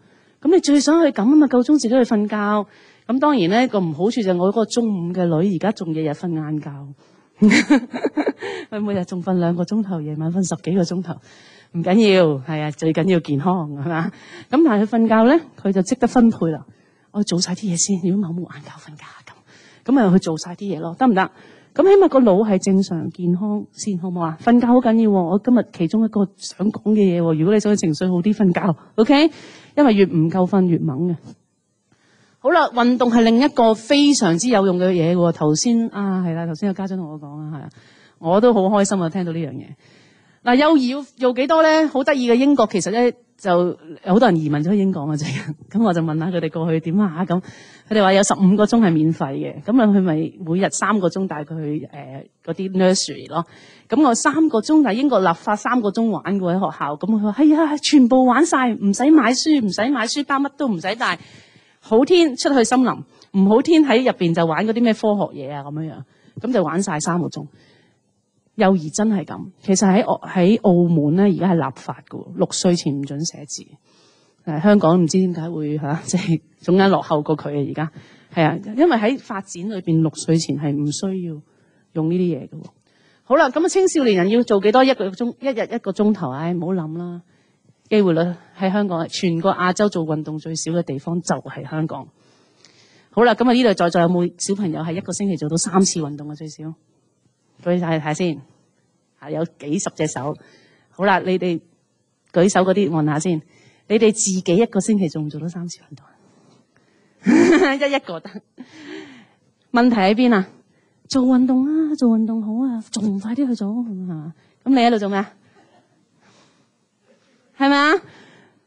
咁你最想去咁啊嘛？夠鐘自己去瞓覺。咁當然咧個唔好處就係我嗰個中午嘅女而家仲日日瞓晏覺，佢 <laughs> 每日仲瞓兩個鐘頭，夜晚瞓十幾個鐘頭。唔緊要，係啊，最緊要健康，係嘛？咁但係佢瞓覺咧，佢就識得分配啦。我做曬啲嘢先，如果冇冇眼瞓瞓覺咁，咁咪去做曬啲嘢咯，得唔得？咁起碼個腦係正常健康先，好唔好啊？瞓覺好緊要喎，我今日其中一個想講嘅嘢喎。如果你想情緒好啲，瞓覺，OK？因為越唔夠瞓越猛嘅。好啦，運動係另一個非常之有用嘅嘢喎。頭先啊，係啦，頭先有家長同我講啊，係啊，我都好開心啊，聽到呢樣嘢。嗱，幼兒要用幾多咧？好得意嘅，英國其實咧就好多人移民咗去英國嘅啫。咁我就問下佢哋過去點啊咁，佢哋話有十五個鐘係免費嘅。咁佢咪每日三個鐘帶佢去嗰啲 nursery 咯。咁、呃、我三個鐘喺英國立法三個鐘玩過喺學校。咁佢話，哎呀，全部玩晒，唔使買書，唔使買書包，乜都唔使帶。好天出去森林，唔好天喺入邊就玩嗰啲咩科學嘢啊咁樣樣。咁就玩晒三個鐘。幼兒真係咁，其實喺澳喺澳門咧，而家係立法嘅，六歲前唔准寫字。誒，香港唔知點解會嚇，即、啊、係、即係、總之落後過佢啊！而家係啊，因為喺發展裏邊，六歲前係唔需要用呢啲嘢嘅。好啦，咁啊，青少年人要做幾多一個鐘一日一個鐘頭啊？唔好諗啦，機會率喺香港，全個亞洲做運動最少嘅地方就係香港。好啦，咁啊，呢度在座有冇小朋友係一個星期做到三次運動嘅最少，大家睇下先。嚇、啊、有幾十隻手，好啦，你哋舉手嗰啲按下先。你哋自己一個星期做唔做到三次運動？ <laughs> 一一個得問題喺邊啊？做運動啊，做運動好啊，仲快啲去做係嘛？咁你喺度做咩啊？係咪啊？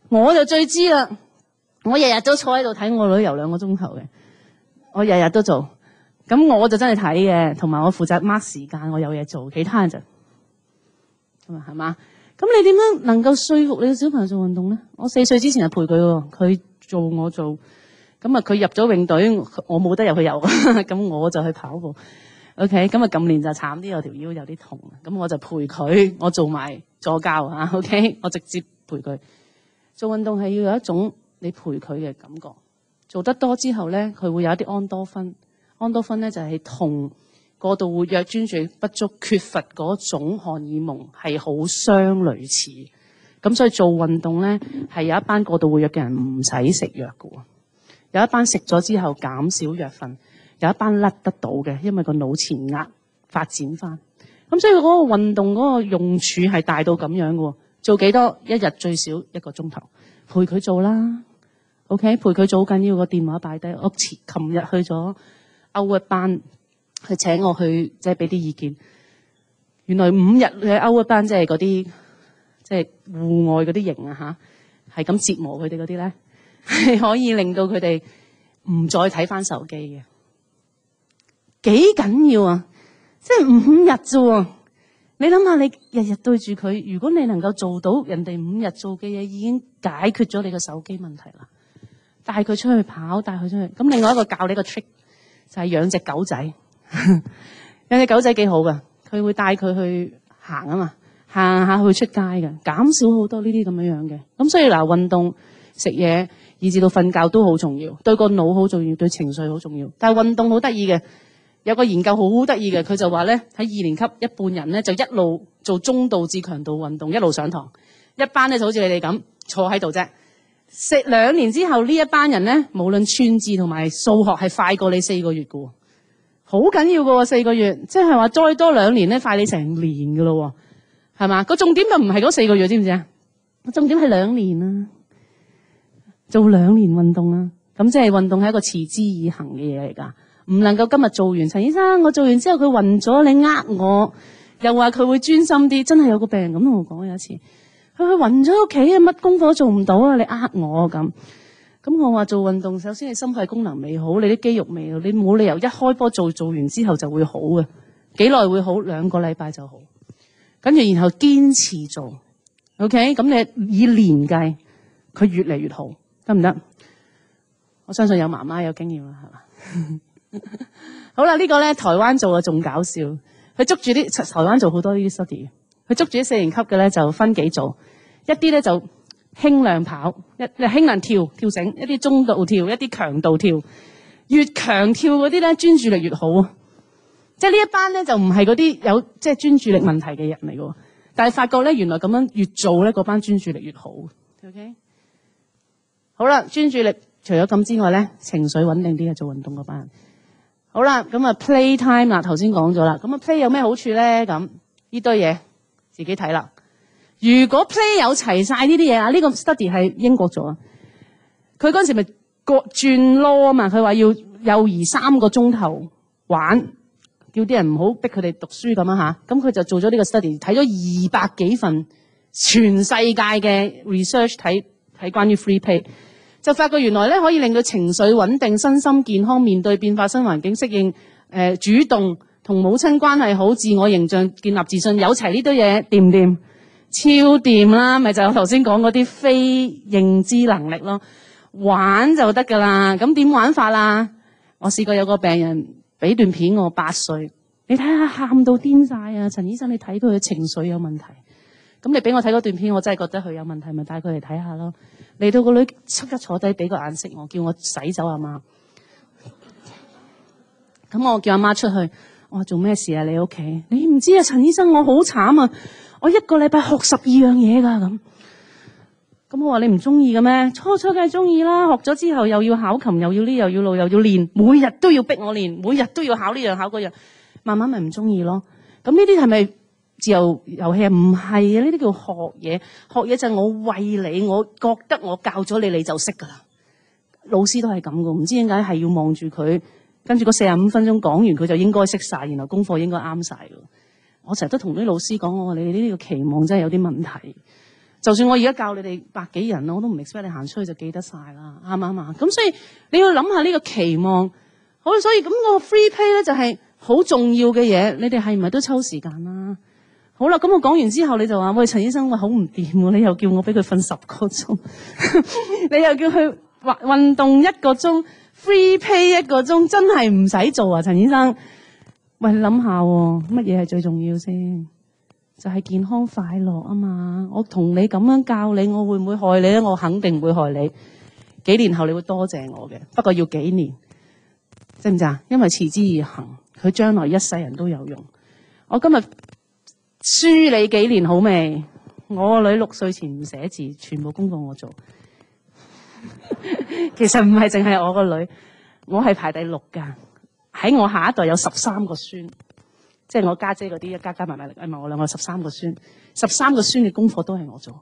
我就最知啦，我日日都坐喺度睇我女游兩個鐘頭嘅，我日日都做。咁我就真係睇嘅，同埋我負責 mark 時間，我有嘢做，其他人就～咁係嘛？咁你點樣能夠說服你嘅小朋友做運動咧？我四歲之前就陪佢喎，佢做我做，咁啊佢入咗泳隊，我冇得入去游，咁 <laughs> 我就去跑步。OK，咁啊今年就慘啲，有條腰有啲痛，咁我就陪佢，我做埋助教。OK，我直接陪佢。做運動係要有一種你陪佢嘅感覺。做得多之後咧，佢會有一啲安多芬，安多芬咧就係痛。過度活躍、專注不足、缺乏嗰種荷爾蒙係好相類似咁，所以做運動呢，係有一班過度活躍嘅人唔使食藥㗎喎，有一班食咗之後減少藥份，有一班甩得到嘅，因為個腦前額發展返咁，噉所以嗰個運動嗰個用處係大到咁樣㗎喎。做幾多？一日最少一個鐘頭陪佢做啦。OK，陪佢做好緊要，個電話擺低。我前琴日去咗 o u 班。佢請我去，即係俾啲意見。原來五日嘅歐一班，即係嗰啲即係戶外嗰啲營啊，吓，係咁折磨佢哋嗰啲咧，係可以令到佢哋唔再睇翻手機嘅，幾緊要啊！即係五日啫，你諗下，你日日對住佢，如果你能夠做到人哋五日做嘅嘢，已經解決咗你個手機問題啦。帶佢出去跑，帶佢出去咁。另外一個教你個 trick 就係養隻狗仔。 <laughs> 有隻狗仔幾好噶，佢會帶佢去行啊嘛，行下去出街嘅，減少好多呢啲咁樣樣嘅。咁所以嗱，運動、食嘢，以至到瞓覺都好重要，對個腦好重要，對情緒好重要。但係運動好得意嘅，有個研究好得意嘅，佢就話咧，喺二年級一半人咧就一路做中度至強度運動一路上堂，一班咧就好似你哋咁坐喺度啫。食兩年之後呢一班人咧，無論串字同埋數學係快過你四個月嘅。好緊要噶喎，四個月，即係話再多兩年咧，快你成年噶咯喎，係嘛？個重點就唔係嗰四個月，知唔知啊？個重點係兩年啦、啊，做兩年運動啦、啊，咁即係運動係一個持之以恒嘅嘢嚟噶，唔能夠今日做完。陳醫生，我做完之後佢暈咗，你呃我，又話佢會專心啲，真係有個病人咁同我講有一次，佢暈咗屋企啊，乜功課都做唔到啊，你呃我咁。咁我話做運動，首先你心肺功能未好，你啲肌肉未好，你冇理由一開波做做完之後就會好嘅，幾耐會好？兩個禮拜就好，跟住然後堅持做，OK？咁你以年計，佢越嚟越好，得唔得？我相信有媽媽有經驗啦，係嘛？ <laughs> 好啦，這個、呢個咧台灣做嘅仲搞笑，佢捉住啲台灣做好多呢啲 study，佢捉住啲四年級嘅咧就分幾組，一啲咧就。輕量跑，一一輕量跳跳繩，一啲中度跳，一啲強度跳。越強跳嗰啲咧，專注力越好啊！即係呢一班咧，就唔係嗰啲有即係專注力問題嘅人嚟喎。但係發覺咧，原來咁樣越做咧，嗰班專注力越好。OK，好啦，專注力除咗咁之外咧，情緒穩定啲嘅做運動嗰班。好啦，咁啊，play time 啦，頭先講咗啦。咁啊，play 有咩好處咧？咁呢堆嘢自己睇啦。如果 play 有齊晒呢啲嘢啊，呢個 study 係英國做啊。佢嗰陣時咪個轉 law 啊嘛，佢話要幼兒三個鐘頭玩，叫啲人唔好逼佢哋讀書咁樣吓，咁佢就做咗呢個 study，睇咗二百幾份全世界嘅 research 睇睇關於 free play 就發覺原來咧可以令到情緒穩定、身心健康、面對變化新環境適應、呃、主動同母親關係好、自我形象建立自信，有齊呢堆嘢掂唔掂？行超掂啦，咪就係我頭先講嗰啲非認知能力咯，玩就得噶啦。咁點玩法啊？我試過有個病人俾段片我，八歲，你睇下喊到癲晒啊！陳醫生，你睇佢情緒有問題。咁你俾我睇嗰段片，我真係覺得佢有問題，咪帶佢嚟睇下咯。嚟到個女，即刻坐低俾個眼色我，叫我洗走阿媽。咁我叫阿媽出去，我話做咩事啊？你屋企？你唔知啊？陳醫生，我好慘啊！我一個禮拜學十二樣嘢㗎咁，咁我話你唔中意嘅咩？初初梗係中意啦，學咗之後又要考琴，又要呢，又要路，又要練，每日都要逼我練，每日都要考呢樣考嗰樣，慢慢咪唔中意咯。咁呢啲係咪自由遊戲啊？唔係啊，呢啲叫學嘢。學嘢就係我餵你，我覺得我教咗你你就識㗎啦。老師都係咁嘅，唔知點解係要望住佢，跟住嗰四十五分鐘講完佢就應該識晒，然後功課應該啱晒。我成日都同啲老師講，我話你哋呢啲期望真係有啲問題。就算我而家教你哋百幾人咯，我都唔 expect 你行出去就記得晒啦，啱唔啱？咁所以你要諗下呢個期望。好喇，所以咁個 free pay 咧就係好重要嘅嘢。你哋係唔係都抽時間啦？好啦，咁我講完之後你就話喂陳醫生，喂好唔掂喎，你又叫我俾佢瞓十個鐘， <laughs> 你又叫佢運動一個鐘，free pay 一個鐘，真係唔使做啊，陳醫生。喂，諗下喎，乜嘢係最重要先？就係健康快樂啊嘛！我同你咁樣教你，我會唔會害你咧？我肯定唔會害你。幾年後你會多謝我嘅，不過要幾年，知唔知啊？因為持之以恆，佢將來一世人都有用。我今日輸你幾年好未？我個女六歲前唔寫字，全部功課我做。其實唔係淨係我個女，我係排第六噶。喺我下一代有十三個孫，即係我家姐嗰啲加加埋埋，係咪我兩個十三個孫？十三個孫嘅功課都係我做，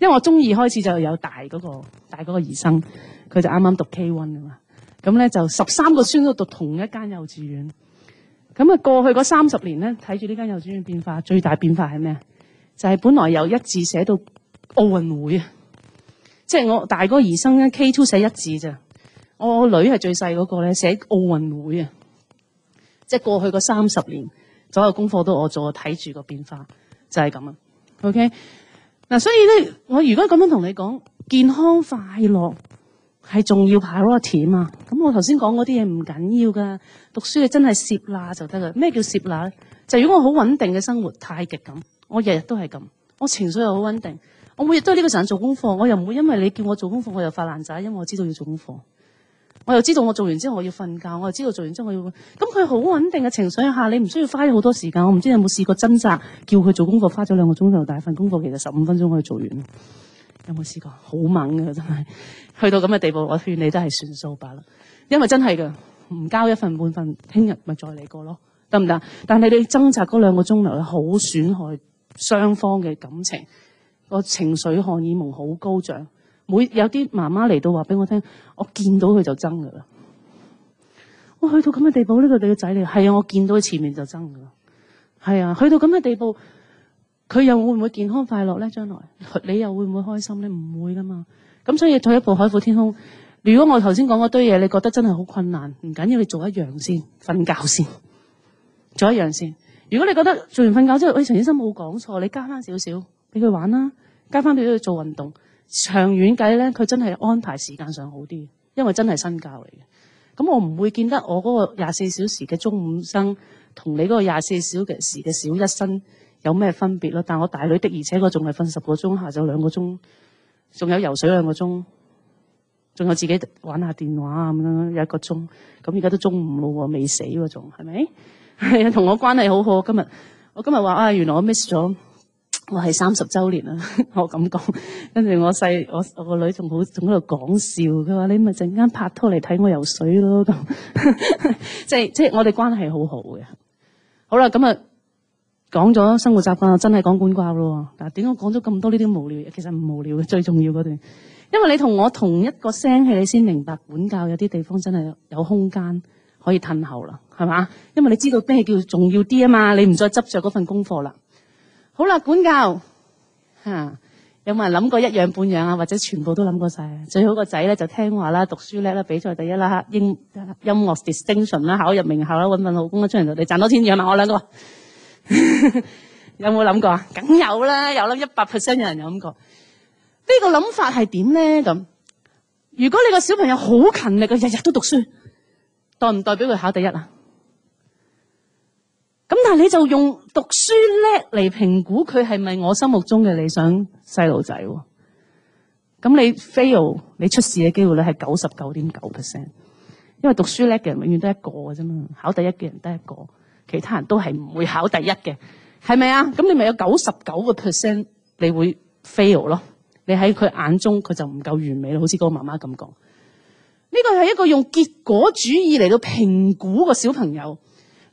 因為我中二開始就有大嗰個、大嗰個兒生，佢就啱啱讀 K1 啊嘛。咁咧就十三個孫都讀同一間幼稚園。咁啊，過去嗰三十年咧，睇住呢間幼稚園變化，最大變化係咩啊？就係本來由一字寫到奧運會啊，即係我大嗰個兒生咧 K2 寫一字咋。我女係最細嗰個咧，寫奧運會啊，即係過去個三十年，所有功課都我做，我睇住個變化就係咁啊。OK 嗱，所以咧，我如果咁樣同你講，健康快樂係重要 priority 啊。咁我頭先講嗰啲嘢唔緊要噶，讀書你真係攝拿就得噶。咩叫攝拿咧？就係如果我好穩定嘅生活，太極咁，我日日都係咁，我情緒又好穩定，我每日都係呢個時間做功課，我又唔會因為你叫我做功課，我又發爛渣，因為我知道要做功課。我又知道我做完之後我要瞓覺，我又知道做完之後我要咁，佢好穩定嘅情緒下，你唔需要花好多時間。我唔知你有冇試過掙扎叫佢做功課，花咗兩個鐘頭，但係份功課其實十五分鐘可以做完。有冇試過？好猛㗎！真係，去到咁嘅地步，我勸你都係算數吧啦，因為真係㗎，唔交一份半份，聽日咪再嚟過咯，得唔得？但係你掙扎嗰兩個鐘頭係好損害雙方嘅感情，個情緒荷爾蒙好高漲。每有啲媽媽嚟到話俾我聽，我見到佢就憎噶啦。我去到咁嘅地步，呢個你個仔嚟係啊，我見到佢前面就憎噶啦，係啊，去到咁嘅地步，佢又會唔會健康快樂咧？將來你又會唔會開心咧？唔會噶嘛。咁所以退一步海闊天空。如果我頭先講嗰堆嘢，你覺得真係好困難，唔緊要，你做一樣先，瞓覺先，做一樣先。如果你覺得做完瞓覺之後，喂，陳醫生冇講錯，你加翻少少俾佢玩啦，加翻俾佢做運動。長遠計咧，佢真係安排時間上好啲，因為真係新教嚟嘅。咁我唔會見得我嗰個廿四小時嘅中午生，同你嗰個廿四小嘅時嘅小一生有咩分別咯？但我大女的，而且我仲係瞓十個鐘，下晝兩個鐘，仲有游水兩個鐘，仲有自己玩下電話咁樣有一個鐘。咁而家都中午啦喎，未死嗰種係咪？係啊，同 <laughs> 我關係好好。今日我今日話啊，原來我 miss 咗。我係三十周年啦，我咁講。跟住我細我我個女仲好，仲喺度講笑。佢話：你咪陣間拍拖嚟睇我游水咯咁。即係即係我哋關係好好嘅。好啦，咁啊講咗生活習慣，真係講管教咯。但點解講咗咁多呢啲無聊嘢？其實唔無聊嘅，最重要嗰段。因為你同我同一個聲氣，你先明白管教有啲地方真係有空間可以褪後啦，係嘛？因為你知道咩叫重要啲啊嘛？你唔再執着嗰份功課啦。好啦，管教嚇、啊，有冇人諗過一樣半樣啊？或者全部都諗過晒？最好個仔咧就聽話啦，讀書叻啦，比賽第一啦，英音音樂 distinction 啦，考入名校啦，搵份老公啦出嚟同你賺多錢養埋我兩個。 <laughs> 有冇諗過啊？梗有啦，有啦，一百 percent 有人有諗過。這個、想法是呢個諗法係點咧？咁如果你個小朋友好勤力，佢日日都讀書，代唔代表佢考第一啊？咁但係你就用讀書叻嚟評估佢係咪我心目中嘅理想細路仔喎？咁你 fail，你出事嘅機會率係九十九點九 percent，因為讀書叻嘅人永遠都一個嘅啫嘛，考第一嘅人得一個，其他人都係唔會考第一嘅，係咪啊？咁你咪有九十九個 percent 你會 fail 咯？你喺佢眼中佢就唔夠完美咯，好似嗰個媽媽咁講。呢個係一個用結果主義嚟到評估個小朋友。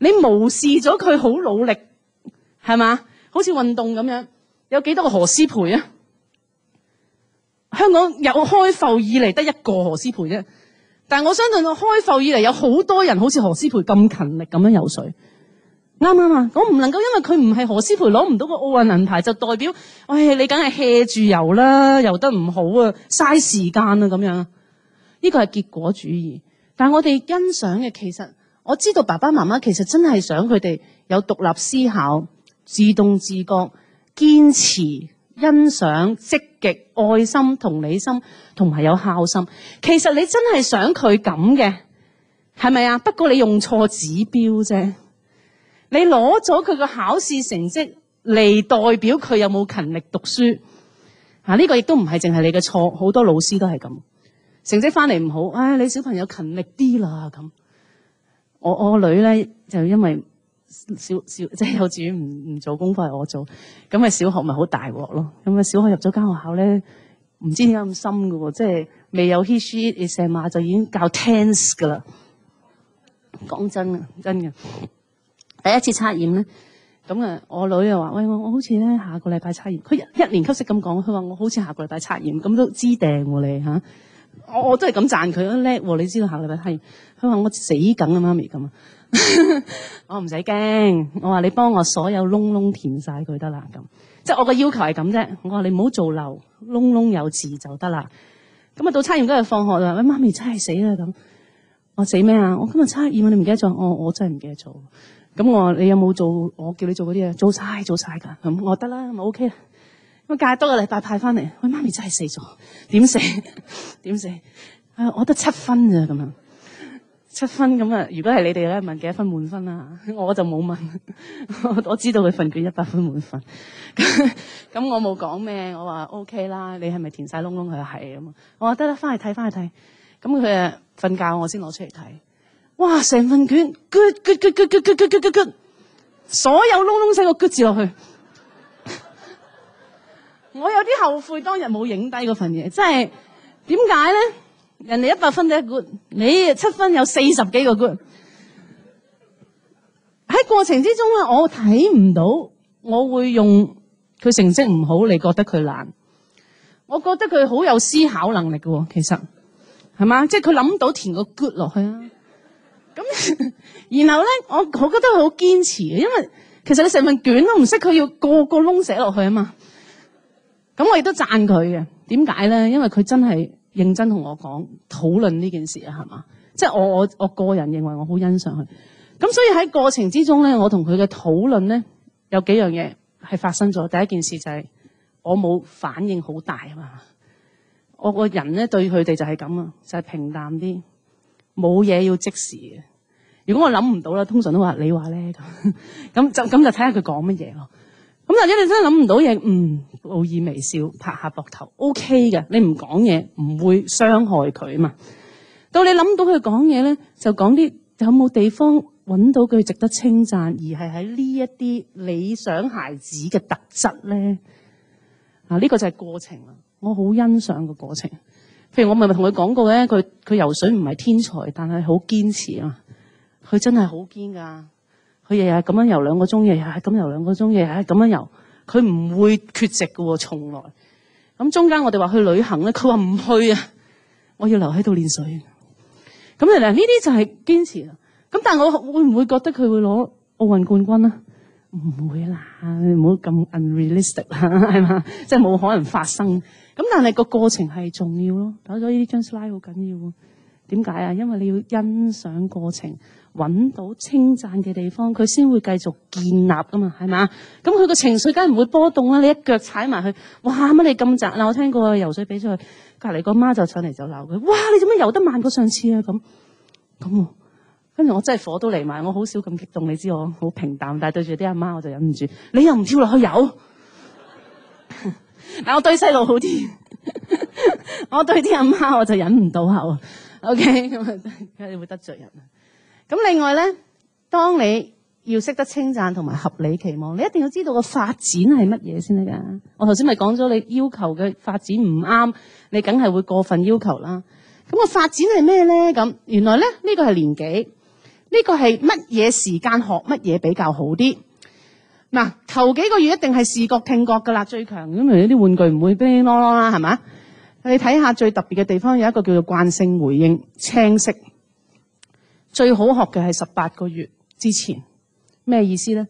你無視咗佢好努力，係嘛？好似運動咁樣，有幾多個何詩蓓啊？香港有開埠以嚟得一個何詩蓓啫。但係我相信我開埠以嚟有好多人好似何詩蓓咁勤力咁樣游水。啱唔啱啊？我唔能夠因為佢唔係何詩蓓攞唔到個奧運銀牌就代表，喂、哎、你梗係 hea 住游啦，游得唔好啊，嘥時間啊咁樣。呢個係結果主義。但係我哋欣賞嘅其實。我知道爸爸媽媽其實真係想佢哋有獨立思考、自動自覺、堅持、欣賞、積極、愛心、同理心，同埋有孝心。其實你真係想佢咁嘅，係咪啊？不過你用錯指標啫。你攞咗佢個考試成績嚟代表佢有冇勤力讀書啊？呢個亦都唔係淨係你嘅錯，好多老師都係咁。成績翻嚟唔好，唉，你小朋友勤力啲啦咁。我我個女咧，就因為小小即係幼稚園唔唔做功課係我做，咁咪小學咪好大鑊咯。咁啊小學入咗間學校咧，唔知點解咁深噶，即係未有 h s sheet 你成馬就已經教 tense 噶啦。講真啊，真嘅。第一次測驗咧，咁啊我女又話喂，我我好似咧下個禮拜測驗，佢一年級識咁講，佢話我好似下個禮拜測驗，咁都知定喎、啊、你吓、啊，我我都係咁讚佢叻，你知道下個禮拜係。佢話：我死緊啊！媽咪咁啊， <laughs> 我唔使驚。我話你幫我所有窿窿填晒佢得啦。咁即係我個要求係咁啫。我話你唔好做漏窿窿有字就得啦。咁啊，到測驗嗰日放學啦。喂，媽咪真係死啦咁。我死咩啊？我今日測驗你唔記得做，我、哦、我真係唔記得做。咁我話你有冇做？我叫你做嗰啲嘢做晒，做晒㗎咁，我得啦，咪 O K 啦。咁隔多個禮拜派翻嚟。喂，媽咪真係死咗，點死點死， <laughs> 我得七分啊咁樣七分咁啊！如果係你哋咧，問幾多分滿分啊？我就冇問，我知道佢份卷一百分滿分。咁我冇講咩，我話 OK 啦。你係咪填晒窿窿佢係咁啊？我話得啦，翻去睇翻去睇。咁佢啊瞓覺，我先攞出嚟睇。哇！成份卷，good good good good good good good good good 所有窿窿細個 good 字落去。我有啲後悔當日冇影低嗰份嘢，真係點解咧？人哋一百分就一個 good，你七分有四十幾個 good。喺過程之中咧，我睇唔到，我會用佢成績唔好，你覺得佢懶？我覺得佢好有思考能力嘅，其實係嘛？即係佢諗到填個 good 落去啊。咁 <laughs> 然後咧，我我覺得佢好堅持，因為其實你成份卷都唔識，佢要個個窿寫落去啊嘛。咁我亦都讚佢嘅，點解咧？因為佢真係。認真同我講，討論呢件事啊，係嘛？即係我我我個人認為我好欣賞佢。咁所以喺過程之中咧，我同佢嘅討論咧，有幾樣嘢係發生咗。第一件事就係我冇反應好大啊嘛。我個人咧對佢哋就係咁啊，就係平淡啲，冇嘢要即時嘅。如果我諗唔到啦，通常都話你話咧，咁咁就咁就睇下佢講乜嘢咯。咁或者你真係諗唔到嘢，嗯，偶爾微笑，拍下膊頭，OK 嘅。你唔講嘢，唔會傷害佢啊嘛。到你諗到佢講嘢咧，就講啲有冇地方揾到佢值得稱讚，而係喺呢一啲理想孩子嘅特質咧。嗱、啊，呢、呢個就係過程啊！我好欣賞個過程。譬如我咪咪同佢講過咧，佢佢游水唔係天才，但係好堅持啊！佢真係好堅噶。佢日日咁樣游兩個鐘，日日係咁游兩個鐘，日日咁樣游。佢唔會缺席㗎喎，從來。咁中間我哋話去旅行咧，佢話唔去啊，我要留喺度練水。咁你嗱，呢啲就係堅持啦。咁但係我會唔會覺得佢會攞奧運冠軍？唔會啦，你唔好咁 unrealistic 啦，係嘛？即係冇可能發生。咁但係個過程係重要咯。打咗呢張 slide 好緊要喎，點解啊？因為你要欣賞過程。搵到稱讚嘅地方，佢先會繼續建立噶嘛，係嘛？咁佢個情緒梗唔會波動啦。你一腳踩埋去，哇！乜你咁窄啊？我聽過游水比賽，隔離個媽就上嚟就鬧佢。哇！你做咩游得慢過上次啊？咁咁，跟住我真係火都嚟埋。我好少咁激動，你知道我好平淡。但係對住啲阿媽，媽，我就忍唔住。你又唔跳落去游。嗱？ <laughs> <laughs> 但我對細路好啲， <laughs> 我對啲阿媽，媽我就忍唔到口。OK，咁啊，梗會得罪人。咁另外呢，當你要識得稱讚同埋合理期望，你一定要知道個發展係乜嘢先得噶。我頭先咪講咗，你要求嘅發展唔啱，你梗係會過分要求啦。咁個發展係咩呢？咁原來呢，呢個係年紀，呢個係乜嘢時間學乜嘢比較好啲？嗱，頭幾個月一定係視覺聽覺㗎啦，最強咁咪呢啲玩具唔會叮叮啷啷啦，係嘛？你睇下最特別嘅地方有一個叫做慣性回應，青色。最好學嘅係十八個月之前，咩意思咧？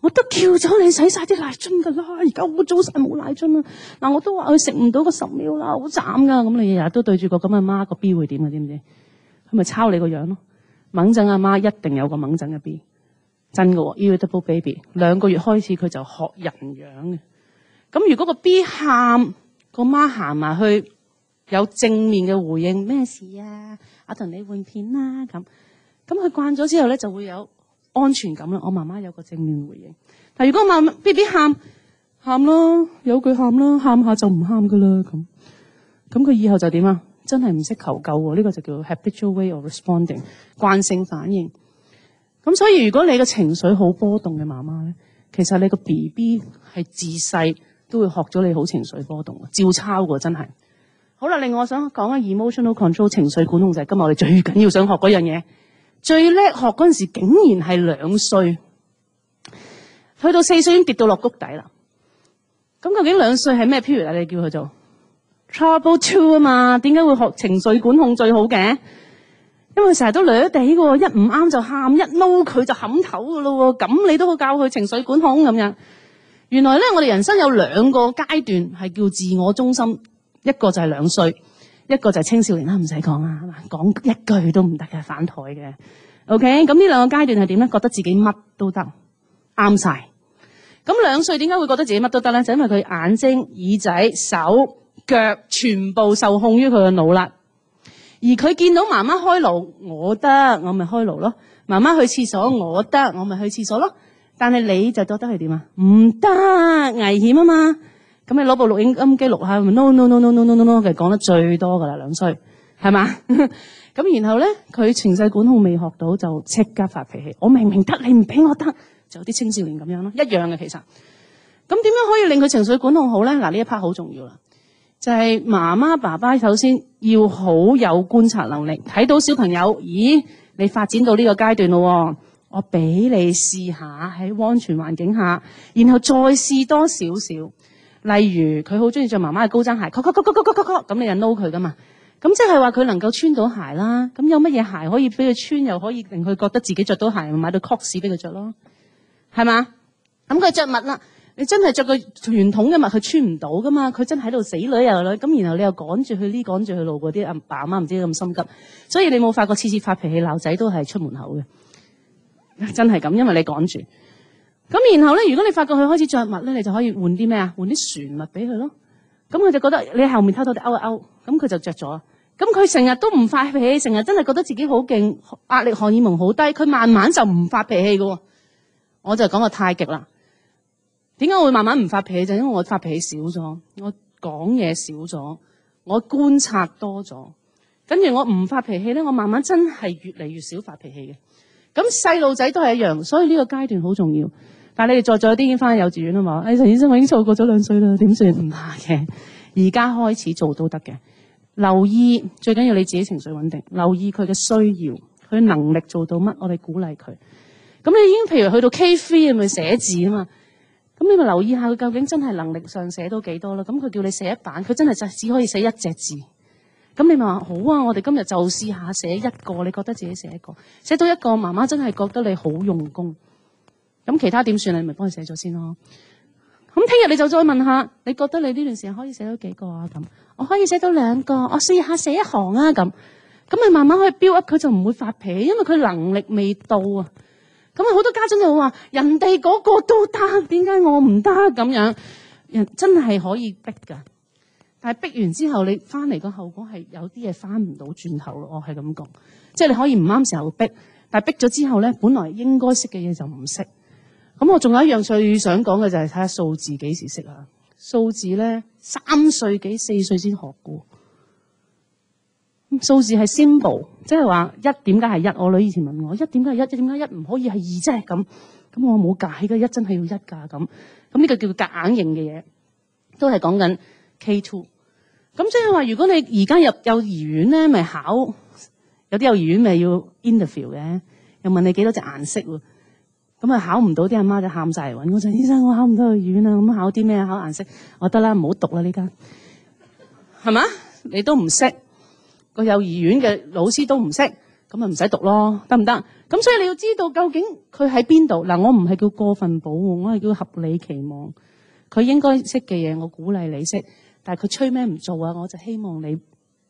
我都叫咗你洗晒啲奶樽㗎啦，而家好早晒冇奶樽啦。嗱，我都話佢食唔到個十秒啦，好慘㗎。咁你日日都對住個咁嘅媽個 B 會點嘅？知唔知？佢咪抄你個樣咯？猛震阿媽一定有個猛震嘅 B，真嘅喎。Double baby 兩個月開始佢就學人樣嘅。咁如果個 B 喊個媽行埋去，有正面嘅回應，咩事啊？我同你換片啦、啊、咁。咁佢慣咗之後咧，就會有安全感啦。我媽媽有個正面回應，但如果我媽 B B 喊喊咯，有句喊啦，喊下就唔喊噶啦。咁咁佢以後就點啊？真係唔識求救喎。呢個就叫 habitual way of responding 慣性反應。咁所以如果你嘅情緒好波動嘅媽媽咧，其實你個 B B 係自細都會學咗你好情緒波動，照抄喎，真係好啦。另外我想講下 emotional control 情緒管控就係今日我哋最緊要想學嗰樣嘢。最叻學嗰陣時，竟然係兩歲，去到四歲已經跌到落谷底啦。咁究竟兩歲係咩？譬如啊，你叫佢做 Trouble Two 啊嘛？點解會學情緒管控最好嘅？因為成日都掠地嘅，一唔啱就喊，一嬲佢就冚頭噶咯喎。咁你都好教佢情緒管控咁樣？原來咧，我哋人生有兩個階段係叫自我中心，一個就係兩歲。一個就係青少年啦，唔使講啦，講一句都唔得嘅反台嘅。OK，咁呢兩個階段係點呢？覺得自己乜都得，啱晒。咁兩歲點解會覺得自己乜都得呢？就因為佢眼睛、耳仔、手腳全部受控於佢嘅腦啦。而佢見到媽媽開爐，我得，我咪開爐咯；媽媽去廁所，我得，我咪去廁所咯。但係你就覺得係點啊？唔得，危險啊嘛！咁你攞部錄影機錄下，no no no no no no no no，講得最多噶啦，兩歲係嘛？咁 <laughs> 然後咧，佢情緒管控未學到，就即刻發脾氣。我明明得，你唔俾我得，就有啲青少年咁樣咯，一樣嘅其實。咁點樣可以令佢情緒管控好咧？嗱，呢一 part 好重要啦，就係媽媽爸爸首先要好有觀察能力，睇到小朋友，咦，你發展到呢個階段咯，我俾你試下喺安全環境下，然後再試多少少。例如佢好中意着媽媽嘅高踭鞋，磕磕磕磕磕磕磕，咁，你又嬲佢噶嘛？咁即係話佢能夠穿到鞋啦。咁有乜嘢鞋可以俾佢穿，又可以令佢覺得自己着到鞋，買對 Crocs 俾佢着咯，係嘛？咁佢着襪啦，你真係着個傳統嘅襪，佢穿唔到噶嘛？佢真係喺度死女又女咁，然後你又趕住去呢，趕住去路嗰啲阿爸阿媽唔知咁心急，所以你冇發覺次次發脾氣鬧仔都係出門口嘅？真係咁，因為你趕住。咁然後咧，如果你發覺佢開始着襪咧，你就可以換啲咩啊？換啲船襪俾佢咯。咁佢就覺得你後面偷偷哋勾一勾，咁佢就着咗。咁佢成日都唔發脾氣，成日真係覺得自己好勁，壓力荷爾蒙好低。佢慢慢就唔發脾氣嘅。我就講話太極啦。點解我會慢慢唔發脾氣就因為我發脾氣少咗，我講嘢少咗，我觀察多咗。跟住我唔發脾氣咧，我慢慢真係越嚟越少發脾氣嘅。咁細路仔都係一樣，所以呢個階段好重要。但你哋再座啲已經翻幼稚園啦嘛？誒、哎，陳先生，我已經超過咗兩歲啦，點算？唔怕嘅，而家開始做都得嘅。留意最緊要你自己情緒穩定，留意佢嘅需要，佢能力做到乜，我哋鼓勵佢。咁你已經譬如去到 K3，咪寫字啊嘛？咁你咪留意下佢究竟真係能力上寫到幾多啦？咁佢叫你寫一版，佢真係就只可以寫一隻字。咁你咪話好啊？我哋今日就試下寫一個，你覺得自己寫一個，寫到一個，媽媽真係覺得你好用功。咁其他點算你咪幫佢寫咗先咯。咁聽日你就再問問下，你覺得你呢段時間可以寫到幾個啊？咁我可以寫到兩個，我、哦、試下寫一行啊。咁咁咪慢慢可以 build up，佢就唔會發脾氣，因為佢能力未到啊。咁啊，好多家長就話人哋嗰個都得，點解我唔得咁樣？人真係可以逼噶，但係逼完之後，你翻嚟個後果係有啲嘢翻唔到轉頭咯。我係咁講，即係你可以唔啱時候逼，但係逼咗之後咧，本來應該識嘅嘢就唔識。咁我仲有一樣最想講嘅就係睇下數字幾時識啊？數字咧三歲幾四歲先學嘅。數字係 symbol，即係話一點解係一。我女以前問我一點解係一，一點解一唔可以係二，即係咁。咁我冇解㗎，一真係要一㗎咁。咁呢個叫夾硬型嘅嘢，都係講緊 K two。咁即係話如果你而家入幼兒園咧，咪考有啲幼兒園咪要 interview 嘅，又問你幾多隻顏色喎？咁啊，考唔到啲阿媽就喊晒嚟揾我就，醫生我考唔到幼兒園，咁考啲咩？考顏色，我得啦，唔好讀啦呢間，係嘛？你都唔識，個幼兒園嘅老師都唔識，咁咪唔使讀咯，得唔得？咁所以你要知道究竟佢喺邊度嗱。我唔係叫過分保護，我係叫合理期望。佢應該識嘅嘢，我鼓勵你識，但佢吹咩唔做啊？我就希望你。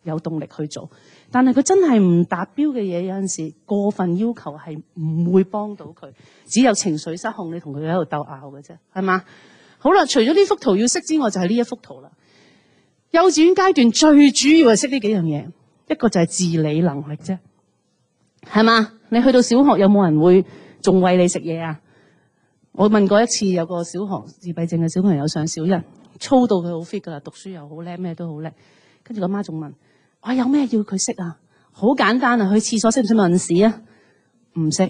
有動力去做，但係佢真係唔達標嘅嘢，有陣時過分要求係唔會幫到佢，只有情緒失控，你同佢喺度鬥拗嘅啫，係嘛？好啦，除咗呢幅圖要識之外，就係呢一幅圖啦。幼稚園階段最主要係識呢幾樣嘢，一個就係自理能力啫，係嘛？你去到小學有冇人會仲餵你食嘢啊？我問過一次，有個小學自閉症嘅小朋友上小一，操到佢好 fit 㗎啦，讀書又好叻，咩都好叻，跟住個媽仲問。我有咩要佢識啊？好簡單啊，去廁所識唔識問屎啊？唔識，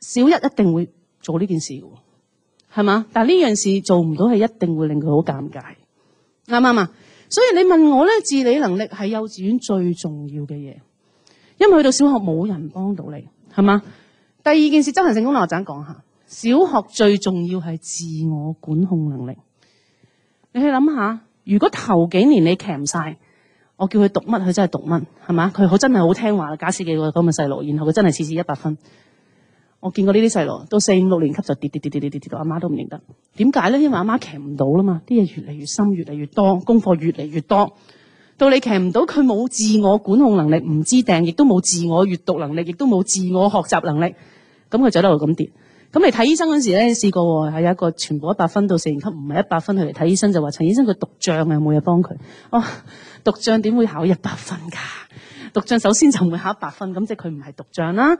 小一一定會做呢件事嘅，係嘛？但呢樣事做唔到係一定會令佢好尷尬，啱唔啱啊？所以你問我咧，自理能力係幼稚園最重要嘅嘢，因為去到小學冇人幫到你，係嘛？第二件事，執行功能我等陣講下，小學最重要係自我管控能力，你去諗下。如果頭幾年你騎唔晒，我叫佢讀乜，佢真係讀乜，係嘛？佢好真係好聽話。假設幾個咁嘅細路，然後佢真係次次一百分。我見過呢啲細路，到四五六年級就跌跌跌跌跌跌跌到阿媽都唔認得。點解咧？因為阿媽騎唔到啦嘛，啲嘢越嚟越深，越嚟越多，功課越嚟越多，到你騎唔到，佢冇自我管控能力，唔知掟，亦都冇自我閱讀能力，亦都冇自我學習能力，咁佢就一路咁跌。咁你睇醫生嗰時咧，試過喎，係有一個全部一百分，到四年級唔係一百分，佢嚟睇醫生就話：陳醫生佢讀障有冇嘢幫佢？哦，讀障點會考一百分㗎？讀障首先就唔會考一百分，咁即係佢唔係讀障啦。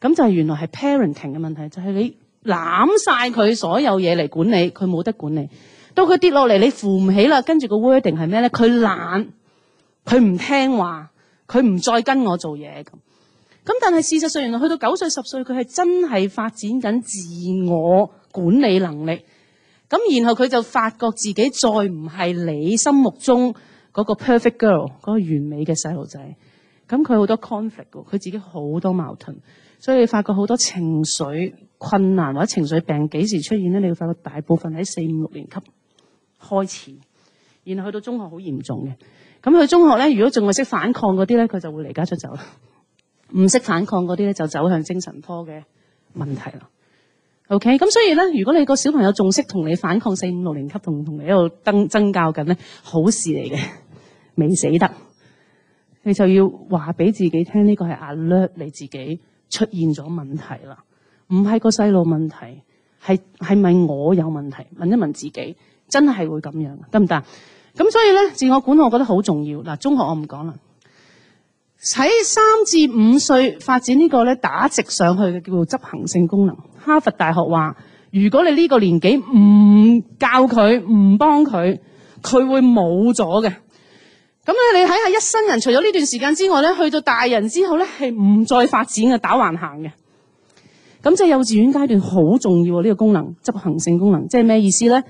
咁就係原來係 parenting 嘅問題，就係、是、你攬晒佢所有嘢嚟管理，佢冇得管理。到佢跌落嚟，你扶唔起啦。跟住個 wording 係咩咧？佢懶，佢唔聽話，佢唔再跟我做嘢咁。咁但係事實上，原來去到九歲十歲，佢係真係發展緊自我管理能力。咁然後佢就發覺自己再唔係你心目中嗰個 perfect girl，嗰個完美嘅細路仔。咁佢好多 conflict，佢自己好多矛盾，所以你發覺好多情緒困難或者情緒病幾時出現呢？你會發覺大部分喺四五六年級開始，然後去到中學好嚴重嘅。咁佢中學呢，如果仲係識反抗嗰啲呢，佢就會離家出走。唔識反抗嗰啲咧，就走向精神科嘅問題啦。OK，咁所以咧，如果你個小朋友仲識同你反抗，四五六年級同同你喺度爭爭教緊咧，好事嚟嘅，未死得。你就要話俾自己聽，呢個係壓力，你自己出現咗問題啦，唔係個細路問題，係係咪我有問題？問一問自己，真係會咁樣得唔得？咁所以咧，自我管我覺得好重要。嗱，中學我唔講啦。喺三至五歲發展呢個咧，打直上去嘅，叫做執行性功能。哈佛大學話，如果你呢個年紀唔教佢、唔幫佢，佢會冇咗嘅。咁咧你睇下一生人，除咗呢段時間之外咧，去到大人之後咧係唔再發展嘅，打橫行嘅。咁即係幼稚園階段好重要啊！呢、這個功能，執行性功能即係咩意思呢？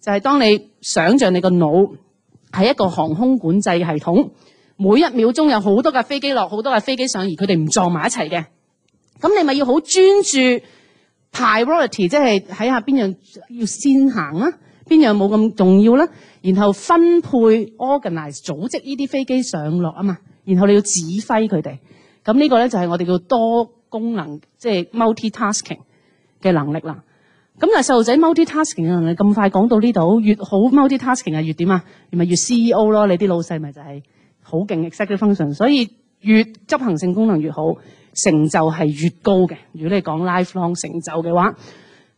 就係、是、當你想象你個腦係一個航空管制系統。每一秒鐘有好多架飛機落，好多架飛機上，而佢哋唔撞埋一齊嘅。咁你咪要好專注 priority，即係睇下邊樣要先行啦，邊樣冇咁重要啦，然後分配 organize 組織呢啲飛機上落啊嘛。然後你要指揮佢哋。咁呢個咧，就係我哋叫多功能，即係 multi-tasking 嘅能力啦。咁但係細路仔 multi-tasking 嘅能力咁快講到呢度，越好 multi-tasking 係越點啊？咪越 CEO 咯？你啲老細咪就係。好勁，executive function，所以越執行性功能越好，成就係越高嘅。如果你講 lifelong 成就嘅話，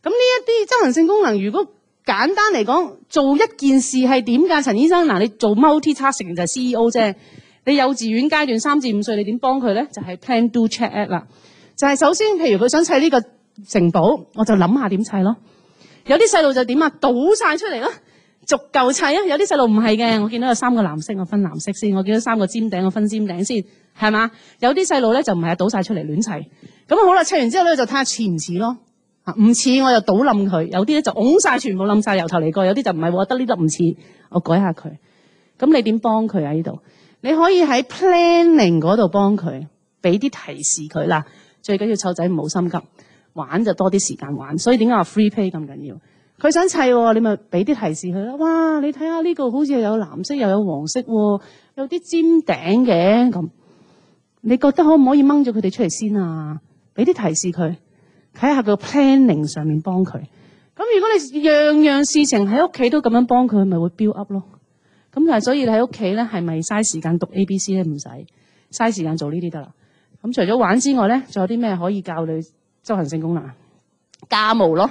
咁呢一啲執行性功能，如果簡單嚟講，做一件事係點㗎？陳醫生嗱，你做 multitasking 就係 CEO 啫。你幼稚園階段三至五歲，你點幫佢咧？就係 plan, do, check, act 啦。就係首先，譬如佢想砌呢個城堡，我就諗下點砌咯。有啲細路就點啊？倒晒出嚟啦。足夠砌啊！有啲細路唔係嘅，我見到有三個藍色，我分藍色先；我見到三個尖頂，我分尖頂先，係嘛？有啲細路咧就唔係倒晒出嚟亂砌。咁好啦，砌完之後咧就睇下似唔似咯。嚇，唔似我就倒冧佢。有啲咧就拱晒，全部冧晒，由頭嚟過，有啲就唔係喎，我覺得呢粒唔似，我改一下佢。咁你點幫佢喺呢度？你可以喺 planning 嗰度幫佢，俾啲提示佢啦。最緊要湊仔唔好心急，玩就多啲時間玩。所以點解話 free play 咁緊要？佢想砌喎，你咪俾啲提示佢咯。哇，你睇下呢個好似又有藍色又有黃色喎，有啲尖頂嘅咁。你覺得可唔可以掹咗佢哋出嚟先啊？俾啲提示佢，睇下個 planning 上面幫佢。咁如果你樣樣事情喺屋企都咁樣幫佢，咪會 build up 咯。咁但係所以你喺屋企咧，係咪嘥時間讀 A B C 咧？唔使嘥時間做呢啲得啦。咁除咗玩之外咧，仲有啲咩可以教你執行性功能？家務咯。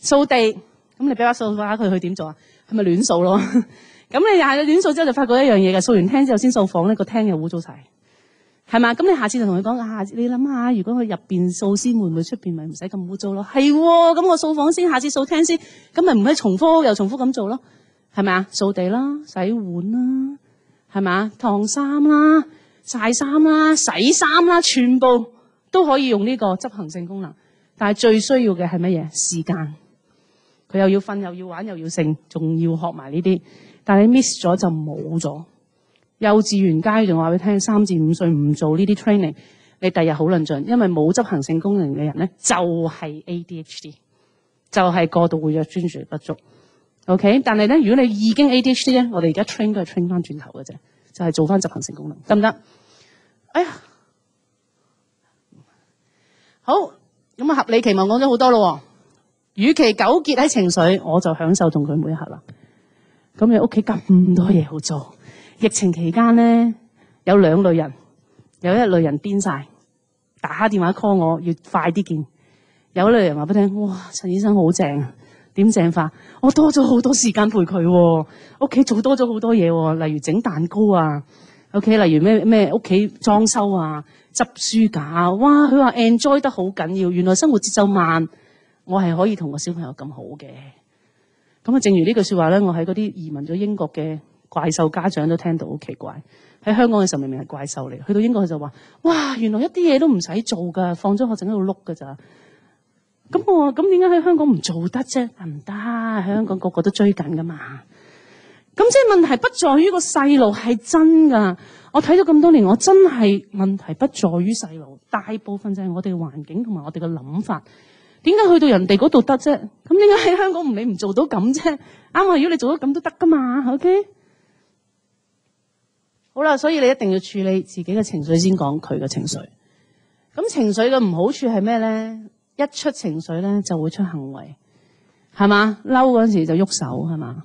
掃地，咁你俾把掃把佢去點做啊？係咪亂掃咯？咁 <laughs> 你又係亂掃之後就發覺一樣嘢嘅，掃完廳之後先掃房呢個廳又污糟晒，係嘛？咁你下次就同佢講，啊，你諗下如果佢入邊掃先，會唔會出邊咪唔使咁污糟咯？係喎、哦，咁我掃房先，下次掃廳先，咁咪唔可以重複又重複咁做咯？係咪啊？掃地啦，洗碗啦，係嘛？燙衫啦，曬衫啦，洗衫啦，全部都可以用呢個執行性功能，但係最需要嘅係乜嘢？時間。佢又要瞓又要玩又要剩仲要學埋呢啲。但你 miss 咗就冇咗。幼稚園階仲話佢聽三至五歲唔做呢啲 training，你第日好論盡，因為冇執行性功能嘅人咧就係、是、ADHD，就係過度會有專注不足。OK，但係咧如果你已經 ADHD 咧，我哋而家 train 都係 train 翻轉頭嘅啫，就係、是、做翻執行性功能得唔得？哎呀，好咁啊，合理期望講咗好多咯喎。與其糾結喺情緒，我就享受同佢每一刻啦。咁你屋企咁多嘢好做，疫情期間咧有兩類人，有一類人癲晒，打電話 call 我要快啲見；有一類人話俾你聽，哇，陳醫生好正，點正法？我多咗好多時間陪佢，屋企做多咗好多嘢，例如整蛋糕啊，OK，例如咩咩屋企裝修啊、執書架啊，哇，佢話 enjoy 得好緊要，原來生活節奏慢。我係可以同個小朋友咁好嘅咁啊！正如呢句説話咧，我喺嗰啲移民咗英國嘅怪獸家長都聽到好奇怪。喺香港嘅時候明明係怪獸嚟，去到英國佢就話：哇，原來一啲嘢都唔使做㗎，放咗學就喺度碌㗎咋。咁我話：咁點解喺香港唔做得啫？唔得，喺香港個個都追緊㗎嘛。咁即係問題不在於個細路係真㗎。我睇咗咁多年，我真係問題不在於細路，大部分就係我哋嘅環境同埋我哋嘅諗法。點解去到人哋嗰度得啫？咁點解喺香港唔理唔做到咁啫？啱啊！如果你做到咁都得㗎嘛，OK？好啦，所以你一定要處理自己嘅情緒先講佢嘅情緒。咁情緒嘅唔好處係咩咧？一出情緒咧就會出行為，係嘛？嬲嗰陣時就喐手，係嘛？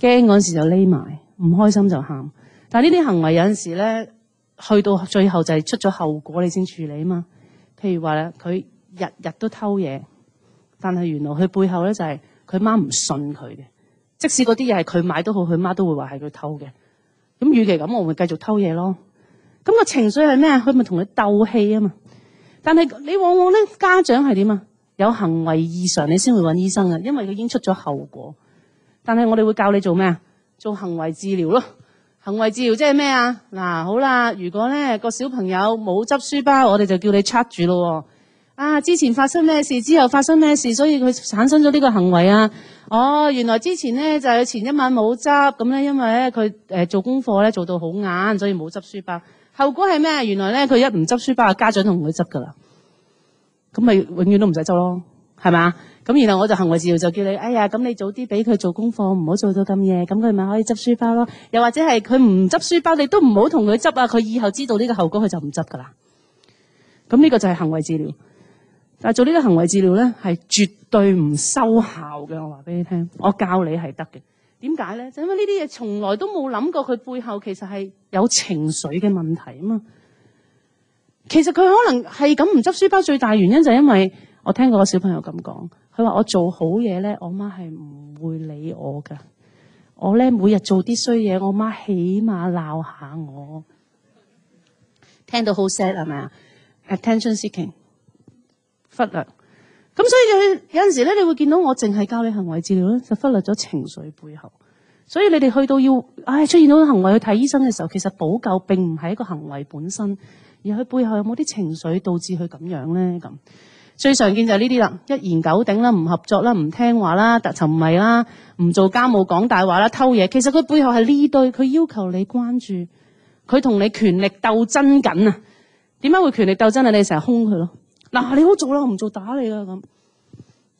驚嗰陣時就匿埋，唔開心就喊。但係呢啲行為有陣時咧，去到最後就係出咗後果你先處理啊嘛。譬如話咧，佢。日日都偷嘢，但係原來佢背後咧就係佢媽唔信佢嘅。即使嗰啲嘢係佢買都好，佢媽都會話係佢偷嘅。咁與其咁，我咪繼續偷嘢咯。咁個情緒係咩？佢咪同你鬥氣啊嘛。但係你往往咧，家長係點啊？有行為異常，你先會搵醫生呀，因為佢已經出咗後果。但係我哋會教你做咩啊？做行為治療咯。行為治療即係咩啊？嗱，好啦，如果咧個小朋友冇執書包，我哋就叫你 check 住咯。啊！之前發生咩事，之後發生咩事，所以佢產生咗呢個行為啊！哦，原來之前呢，就係前一晚冇執，咁咧因為咧佢、呃、做功課咧做到好晏，所以冇執書包。後果係咩？原來咧佢一唔執書包，家長同佢執噶啦。咁咪永遠都唔使執咯，係嘛？咁然後我就行為治療就叫你，哎呀，咁你早啲俾佢做功課，唔好做到咁夜，咁佢咪可以執書包咯。又或者係佢唔執書包，你都唔好同佢執啊！佢以後知道呢個後果，佢就唔執噶啦。咁呢個就係行為治療。但係做呢啲行為治療咧，係絕對唔收效嘅。我話俾你聽，我教你係得嘅。點解咧？就因為呢啲嘢從來都冇諗過佢背後其實係有情緒嘅問題啊嘛。其實佢可能係咁唔執書包，最大原因就係因為我聽過個小朋友咁講，佢話我做好嘢咧，我媽係唔會理我噶。我咧每日做啲衰嘢，我媽起碼鬧下我。聽到好 sad 係咪啊？Attention seeking。忽略咁，所以你有陣時咧，你會見到我淨係教你行為治療咧，就忽略咗情緒背後。所以你哋去到要唉出現咗行為去睇醫生嘅時候，其實補救並唔係一個行為本身，而佢背後有冇啲情緒導致佢咁樣咧？咁最常見就係呢啲啦，一言九鼎啦，唔合作啦，唔聽話啦，特沉迷啦，唔做家務，講大話啦，偷嘢。其實佢背後係呢堆，佢要求你關注，佢同你權力鬥爭緊啊！點解會權力鬥爭啊？你成日兇佢咯。嗱、啊，你好做啦，我唔做打你啦咁。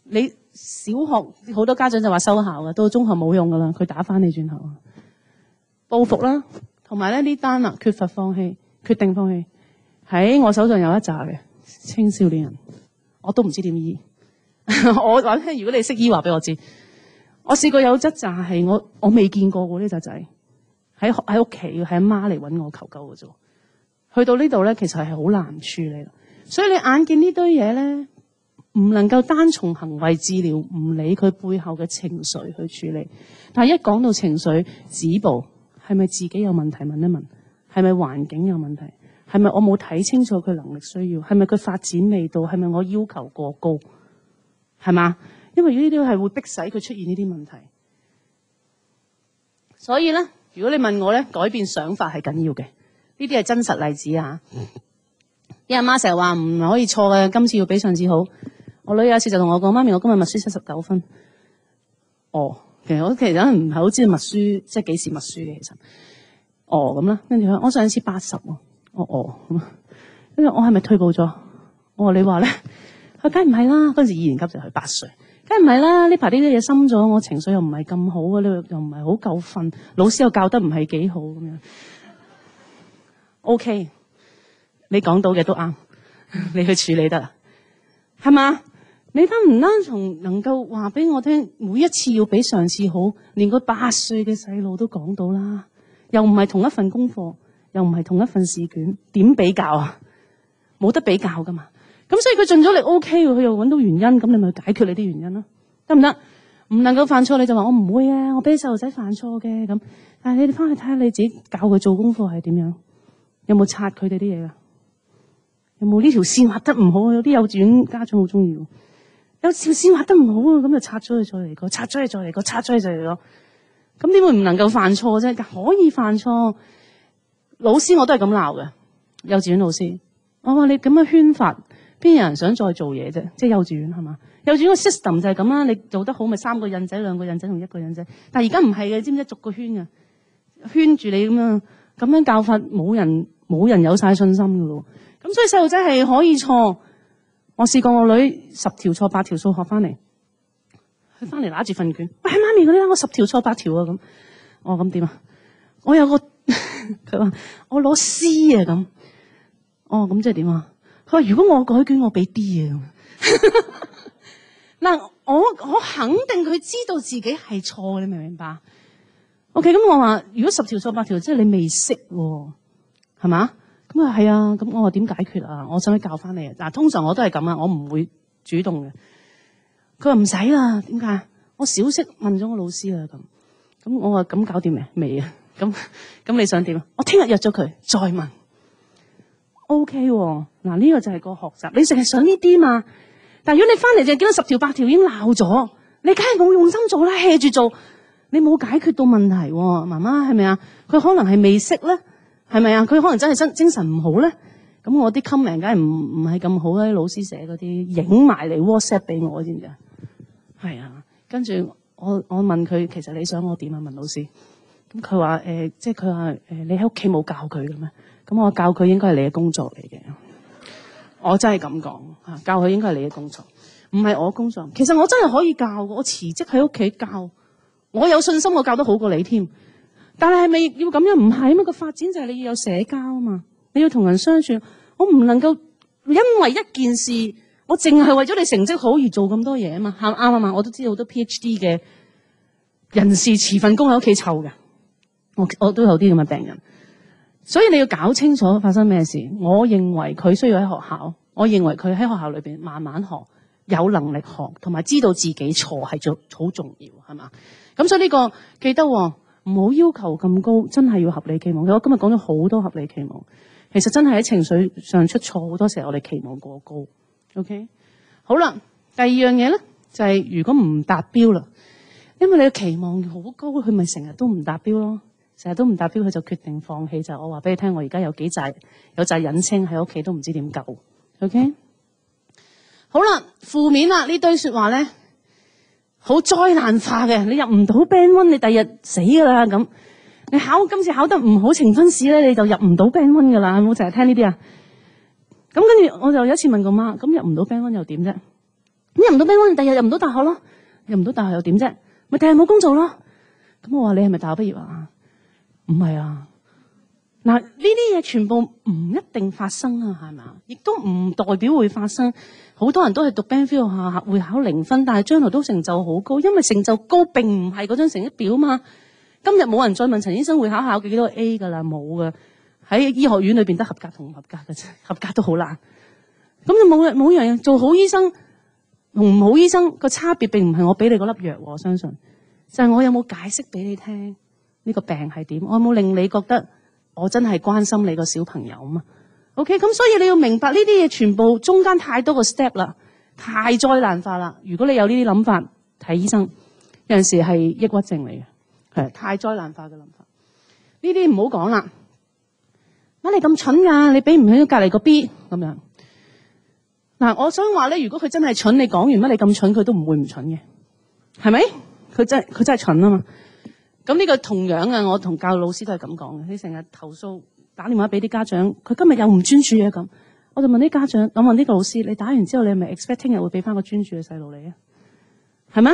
你小學好多家長就話收校嘅，到中學冇用噶啦，佢打返你轉頭啊，報復啦。同埋咧呢單啊，缺乏放棄，決定放棄。喺、哎、我手上有一紮嘅青少年人，我都唔知點醫。 <laughs> 我話聽，如果你識醫，話俾我知。我試過有一扎，係我我未見過喎呢紮仔。喺喺屋企，係阿媽嚟搵我求救嘅啫。去到呢度咧，其實係好難處理。所以你眼見呢堆嘢呢，唔能夠單從行為治療，唔理佢背後嘅情緒去處理。但係一講到情緒止步，係咪自己有問題問一問？係咪環境有問題？係咪我冇睇清楚佢能力需要？係咪佢發展未到？係咪我要求過高？係嘛？因為呢啲係會迫使佢出現呢啲問題。所以呢，如果你問我呢，改變想法係緊要嘅。呢啲係真實例子啊。啲、yeah, 阿媽成日話唔可以錯嘅，今次要比上次好。我女有一次就同我講：媽咪，我今日默書七十九分。哦，其實我其實唔係好知道默書即係幾時默書嘅，其實哦咁啦。跟住佢：我上次八十喎。哦哦咁啊。跟住我係咪退步咗？我話你話咧，佢梗唔係啦。嗰陣時二年級就係八歲，梗唔係啦。呢排呢啲嘢深咗，我情緒又唔係咁好啊，你又唔係好夠瞓，老師又教得唔係幾好咁樣。OK。你講到嘅都啱， <laughs> 你去處理得啦，係嘛？你得唔單從能夠話俾我聽，每一次要比上次好，連個八歲嘅細路都講到啦，又唔係同一份功課，又唔係同一份試卷，點比較啊？冇得比較噶嘛。咁所以佢盡咗力 O K，佢又揾到原因，咁你咪解決你啲原因咯，得唔得？唔能夠犯錯你就話我唔會啊，我俾細路仔犯錯嘅咁，但係你哋翻去睇下你自己教佢做功課係點樣，有冇拆佢哋啲嘢啊？有冇呢條線畫得唔好？有啲幼稚園家長好中意，有條線畫得唔好啊，咁就拆咗，再嚟過，拆咗，再嚟過，拆咗，佢再嚟過。咁點會唔能夠犯錯啫？可以犯錯。老師我都係咁鬧嘅。幼稚園老師，我話你咁樣圈法，邊有人想再做嘢啫？即係幼稚園係嘛？幼稚園個 system 就係咁啦。你做得好，咪，就是，三個印仔，兩個印仔，同一個印仔。但係而家唔係嘅，知唔知逐個圈呀圈住你咁樣咁樣教法，冇人冇人有晒信心噶咯。咁所以細路仔係可以錯。我試過我女十條錯八條數學翻嚟，佢翻嚟拿住份卷，喂，媽咪嗰啲，我十條錯八條啊咁。我咁點啊？我有個佢話我攞 C 啊咁。哦咁即係點啊？佢話如果我改卷我俾 D 啊。嗱 <laughs> 我我肯定佢知道自己係錯嘅，你明唔明白？OK，咁我話如果十條錯八條，即係你未識喎，啊，係嘛？咁啊，係啊，咁我話點解決啊？我想去教翻你啊。嗱，通常我都係咁啊，我唔會主動嘅。佢話唔使啦，點解？我小息問咗我老師啊，咁。咁我話咁搞掂未？未啊。咁 <laughs> 咁、嗯嗯、你想點啊？我聽日約咗佢再問。O K 喎，嗱、啊、呢、呢個就係個學習。你淨係想呢啲嘛？但如果你翻嚟就見到十條八條已經鬧咗，你梗係冇用心做啦，hea 住做，你冇解決到問題。媽媽係咪啊？佢可能係未識咧。係咪啊？佢可能真係真精神唔好咧，咁我啲 comment 梗係唔唔係咁好啦。啲老師寫嗰啲影埋嚟 WhatsApp 俾我先嘅，係啊。跟住我我問佢，其實你想我點啊？問老師，咁佢話誒，即係佢話誒，你喺屋企冇教佢嘅咩？咁我教佢應該係你嘅工作嚟嘅。我真係咁講吓，教佢應該係你嘅工作，唔係我工作。其實我真係可以教，我辭職喺屋企教，我有信心我教得好過你添。但係係咪要咁樣？唔係啊嘛。個發展就係你要有社交啊嘛，你要同人相處。我唔能夠因為一件事，我淨係為咗你成績好而做咁多嘢啊嘛，係唔啱啊嘛。我都知道好多 PhD 嘅人士辭份工喺屋企湊㗎。我我都有啲咁嘅病人，所以你要搞清楚發生咩事。我認為佢需要喺學校，我認為佢喺學校裏面慢慢學，有能力學，同埋知道自己錯係做好重要係嘛？咁所以呢個記得、哦。唔好要求咁高，真係要合理期望。我今日講咗好多合理期望，其實真係喺情緒上出錯好多時候，我哋期望過高。OK，好啦，第二樣嘢咧，就係如果唔達標啦，因為你嘅期望好高，佢咪成日都唔達標咯，成日都唔達標，佢就決定放棄。就是我話俾你聽，我而家有幾扎有扎隱青喺屋企，都唔知點救。OK，好啦，負面啦呢堆說話咧。好災難化嘅，你入唔到 Band One，你第日死噶啦，咁。你考今次考得唔好，呈分試咧，你就入唔到 Band One 噶啦。有冇成日聽呢啲啊？咁跟住，我就有一次問個媽，咁入唔到 Band One 又點啫？咁入唔到 Band One，第日入唔到大學咯？入唔到大學又點啫？咪第日冇工做咯？咁我話你係咪大學畢業啊？唔係啊。嗱，呢啲嘢全部唔一定發生啊，係嘛？亦都唔代表會發生。好多人都係讀 Benfield 學校會考零分，但係將來都成就好高，因為成就高並唔係嗰張成績表嘛。今日冇人再問陳醫生會考考的幾多個 A 㗎啦，冇噶。喺醫學院裏邊得合格同唔合格嘅啫，合格都好難。咁就冇冇樣做好醫生同唔好醫生，個差別並唔係我俾你嗰粒藥，我相信就係、是、我有冇解釋俾你聽呢、這個病係點，我有冇令你覺得我真係關心你個小朋友啊嘛？OK，咁所以你要明白呢啲嘢全部中間太多個 step 啦，太災難化啦。如果你有呢啲諗法，睇醫生有陣時係抑鬱症嚟嘅，係太災難化嘅諗法。呢啲唔好講啦。乜你咁蠢㗎？你俾唔起隔離個 B 咁樣？嗱、啊，我想話咧，如果佢真係蠢，你講完乜你咁蠢，佢都唔會唔蠢嘅，係咪？佢真佢真係蠢啊嘛。咁呢個同樣嘅，我同教育老師都係咁講嘅。你成日投訴。打電話俾啲家長，佢今日又唔專注啊！咁，我就問啲家長，我問呢個老師：你打完之後，你係咪 expect 聽日會俾翻個專注嘅細路你啊？係咪？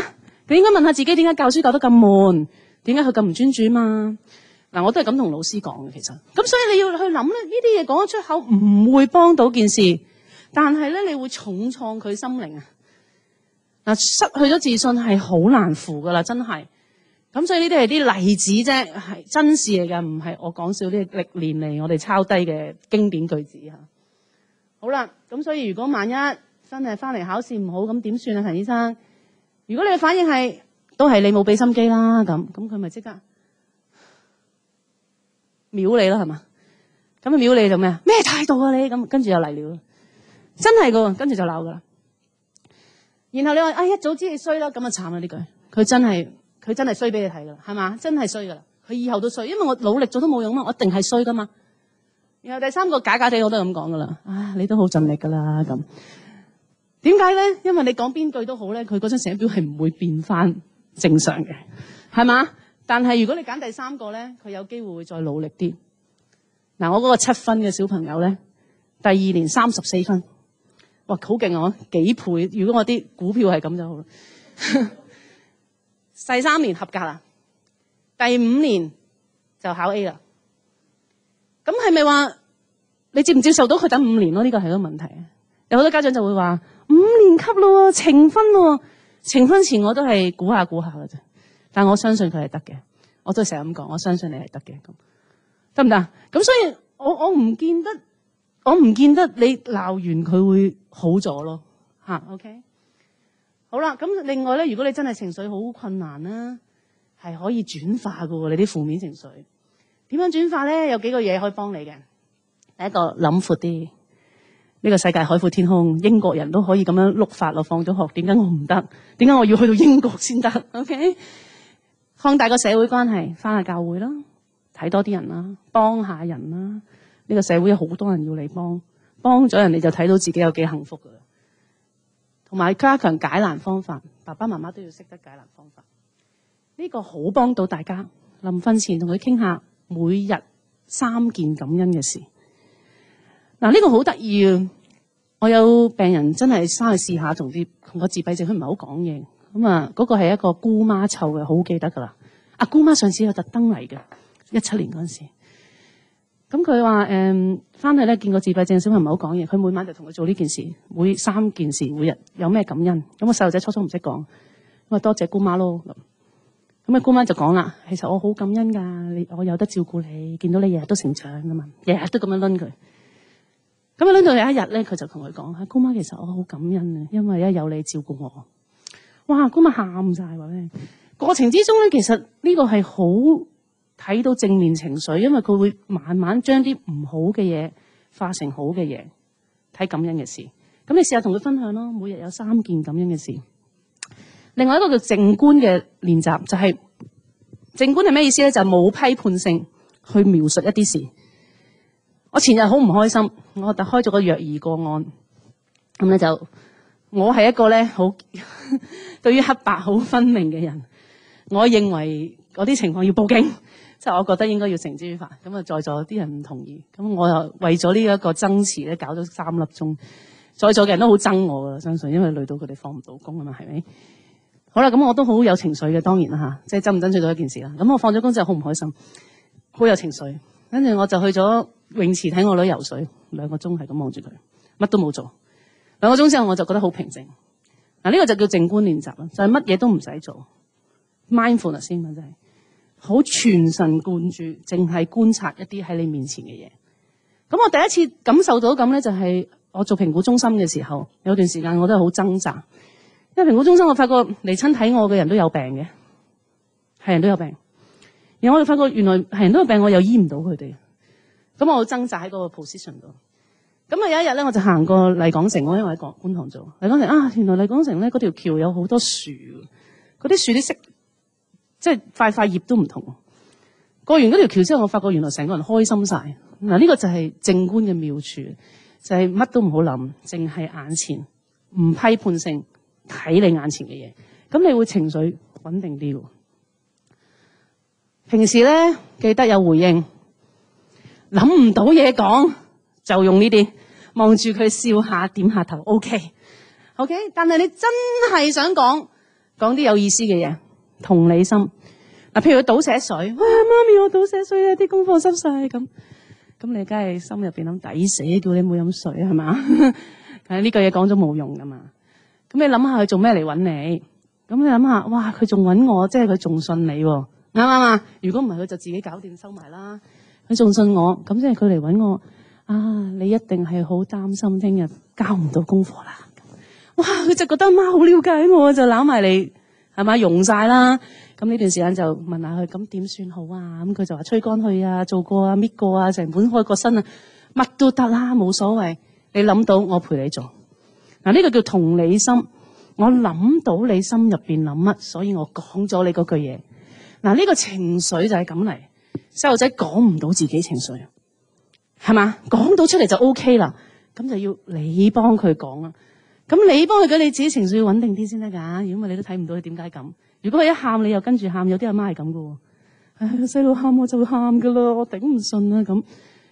你應該問下自己，點解教書教得咁悶？點解佢咁唔專注嘛？嗱，我都係咁同老師講嘅，其實。咁所以你要去諗咧，呢啲嘢講出口唔會幫到件事，但係咧，你會重創佢心靈啊！嗱，失去咗自信係好難扶噶啦，真係。咁所以呢啲係啲例子啫，係真事嚟㗎，唔係我講笑，啲歷年嚟，我哋抄低嘅經典句子吓。好啦，咁所以如果萬一真係翻嚟考試唔好，咁點算啊，陳醫生？如果你嘅反應係都係你冇俾心機啦，咁咁佢咪即刻秒你囉，係嘛？咁秒你做咩啊？咩態度啊你？咁跟住又嚟了，真係噶，跟住就鬧㗎啦。然後你話：哎，一早知你衰啦，咁啊慘啊！呢句佢真係。佢真係衰俾你睇噶啦，係嘛？真係衰噶啦！佢以後都衰，因為我努力咗都冇用嘛，我一定係衰噶嘛。然後第三個，假假地我都係咁講噶啦，啊，你都好盡力噶啦咁。點解咧？因為你講邊句都好咧，佢嗰張成績表係唔會變翻正常嘅，係嘛？但係如果你揀第三個咧，佢有機會會再努力啲。嗱，啊，我嗰個七分嘅小朋友咧，第二年三十四分，哇，好勁啊！幾倍？如果我啲股票係咁就好啦。 <laughs> 第三年合格啦，第五年就考 A 啦。咁係咪話你接唔接受到佢等五年咯？呢個係個問題。有好多家長就會話五年級咯，呈分咯，呈分前我都係估下估下噶啫。但我相信佢係得嘅，我都係成日咁講，我相信你係得嘅咁，得唔得？咁所以我我唔見得，我唔見得你鬧完佢會好咗咯。吓，OK。好啦，咁另外咧，如果你真係情緒好困難啦，係可以轉化噶，你啲負面情緒點樣轉化咧？有幾個嘢可以幫你嘅。第一個諗闊啲，呢個世界海闊天空，英國人都可以咁樣碌法落放咗學，點解我唔得？點解我要去到英國先得？OK，擴大個社會關係，翻下教會啦，睇多啲人啦，幫下人啦。呢個社會有好多人要你幫，幫咗人你就睇到自己有幾幸福噶。同埋加強解難方法，爸爸媽媽都要識得解難方法，呢個好幫到大家。臨瞓前同佢傾下，每日三件感恩嘅事。嗱，呢個好得意啊！我有病人真係翻去試下，同啲同個自閉症佢唔係好講嘢，咁啊。嗰個係一個姑媽湊嘅，好記得噶啦。阿姑媽上次有特登嚟嘅，一七年嗰陣時。咁佢話：誒，翻去咧見過自閉症小朋友唔好講嘢。佢每晚就同佢做呢件事，每三件事，每日有咩感恩。咁個細路仔初初唔識講，咁話多謝姑媽咯。咁咁啊，姑媽就講啦，其實我好感恩㗎，你我有得照顧你，見到你日日都成長㗎嘛，日日都咁樣撚佢。咁啊撚到有一日咧，佢就同佢講：姑媽其實我好感恩啊，因為一有你照顧我。哇！姑媽喊曬話咧，過程之中咧，其實呢個係好。睇到正面情緒，因為佢會慢慢將啲唔好嘅嘢化成好嘅嘢，睇感恩嘅事。咁你試下同佢分享咯。每日有三件感恩嘅事。另外一個叫靜觀嘅練習就係，靜觀係咩意思咧？就係冇批判性去描述一啲事。我前日好唔開心，我特開咗個虐兒個案咁咧，就我係一個咧好對於黑白好分明嘅人，我認為嗰啲情況要報警，即係我覺得應該要繩之於法咁啊，在座啲人唔同意，咁我又為咗呢一個爭持咧，搞咗三粒鐘，在座嘅人都好憎我啊！相信因為累到佢哋放唔到工啊嘛，係咪？好啦，咁我都好有情緒嘅，當然啦吓，即係爭唔爭取到一件事啦。咁我放咗工之後，好唔開心，好有情緒。跟住我就去咗泳池睇我女游水兩個鐘，係咁望住佢，乜都冇做，兩個鐘之後，我就覺得好平靜。嗱，呢個就叫靜觀練習啦，就係乜嘢都唔使做，mindfulness 先啊，真係。好全神貫注，淨係觀察一啲喺你面前嘅嘢。咁我第一次感受到咁咧，就係我做評估中心嘅時候，有段時間我都係好掙扎。因為評估中心，我發覺嚟親睇我嘅人都有病嘅，係人都有病。然後我哋發覺原來係人都有病，我又醫唔到佢哋。咁我好掙扎喺嗰個 position 度。咁啊有一日咧，我就行過麗港城，我因為喺觀塘做麗港城啊，原來麗港城咧嗰條橋有好多樹，嗰啲樹啲色。即係塊塊葉都唔同，過完嗰條橋之後，我發覺原來成個人開心晒。嗱，呢個就係靜觀嘅妙處，就係乜都唔好諗，淨係眼前，唔批判性睇你眼前嘅嘢，咁你會情緒穩定啲喎。平時咧，記得有回應，諗唔到嘢講就用呢啲，望住佢笑下，點下頭，OK，OK。但係你真係想講講啲有意思嘅嘢。同理心嗱，譬如佢倒水喂水，水 <laughs> 想想想想，哇！媽咪，我倒水水啦，啲功課濕晒。咁，咁你梗係心入邊諗抵死叫你冇飲水係嘛？係呢句嘢講咗冇用噶嘛。咁你諗下佢做咩嚟揾你？咁你諗下，哇！佢仲揾我，即係佢仲信你，啱啱啊，如果唔係佢就自己搞掂收埋啦。佢仲信我，咁即係佢嚟揾我。啊，你一定係好擔心聽日交唔到功課啦。哇！佢就覺得媽好了解我，就攬埋你。係咪？用晒啦！咁呢段時間就問下佢，咁點算好啊？咁佢就話吹乾去啊，做過啊，搣過啊，成本開過身啊，乜都得啦啊，冇所謂。你諗到我陪你做嗱，呢個叫同理心。我諗到你心入面諗乜，所以我講咗你嗰句嘢嗱。呢個情緒就係咁嚟，細路仔講唔到自己情緒，係嘛？講到出嚟就 OK 啦，咁就要你幫佢講啦。咁你幫佢講，你自己情緒要穩定啲先得噶。如果你都睇唔到佢點解咁。如果佢一喊，你又跟住喊，有啲阿媽係咁噶。唉、哎，細路喊我就會喊噶喇，我頂唔順啦。咁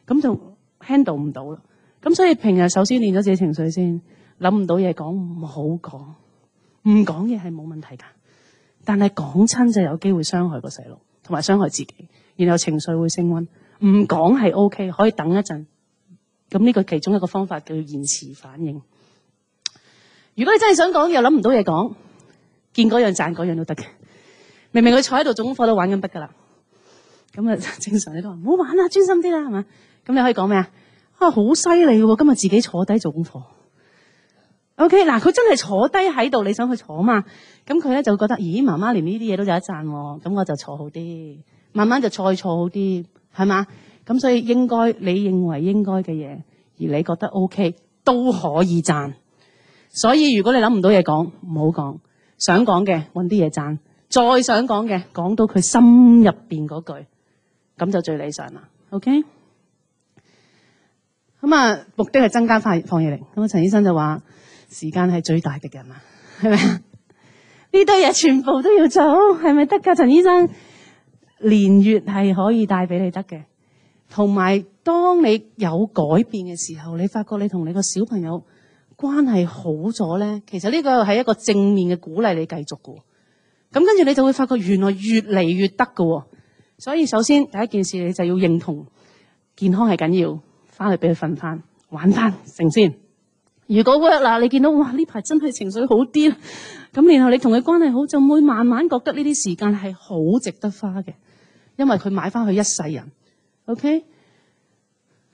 咁就 handle 唔到啦。咁所以平日首先練咗自己情緒先，諗唔到嘢講唔好講，唔講嘢係冇問題噶。但係講親就有機會傷害個細路，同埋傷害自己，然後情緒會升溫。唔講係 OK，可以等一陣。咁呢個其中一個方法叫延遲反應。如果你真係想講又諗唔到嘢，講，見嗰樣讚嗰樣都得嘅。明明佢坐喺度做功課都玩緊筆㗎喇，咁啊正常你都話唔好玩啦，專心啲啦係嘛？咁你可以講咩啊？啊好犀利喎！今日自己坐低做功課。OK 嗱，佢真係坐低喺度，你想去坐嘛？咁佢咧就覺得，咦媽媽連呢啲嘢都有得讚，咁我就坐好啲，慢慢就再坐，坐好啲，係嘛？咁所以應該你認為應該嘅嘢，而你覺得 OK 都可以讚。所以如果你諗唔到嘢講，唔好講。想講嘅，揾啲嘢讚。再想講嘅，講到佢心入邊嗰句，咁就最理想啦。OK。咁啊，目的係增加放熱力。咁啊，陳醫生就話：時間係最大敵人啊，係咪？呢堆嘢全部都要做，係咪得噶？陳醫生年月係可以帶俾你得嘅。同埋，當你有改變嘅時候，你發覺你同你個小朋友。關係好咗咧，其實呢個係一個正面嘅鼓勵，你繼續喎。咁，跟住你就會發覺原來越嚟越得喎。所以首先第一件事你就要認同健康係緊要，翻去俾佢瞓翻玩翻成先。如果 work 嗱，你見到哇呢排真係情緒好啲，咁然後你同佢關係好，就會慢慢覺得呢啲時間係好值得花嘅，因為佢買翻佢一世人。OK，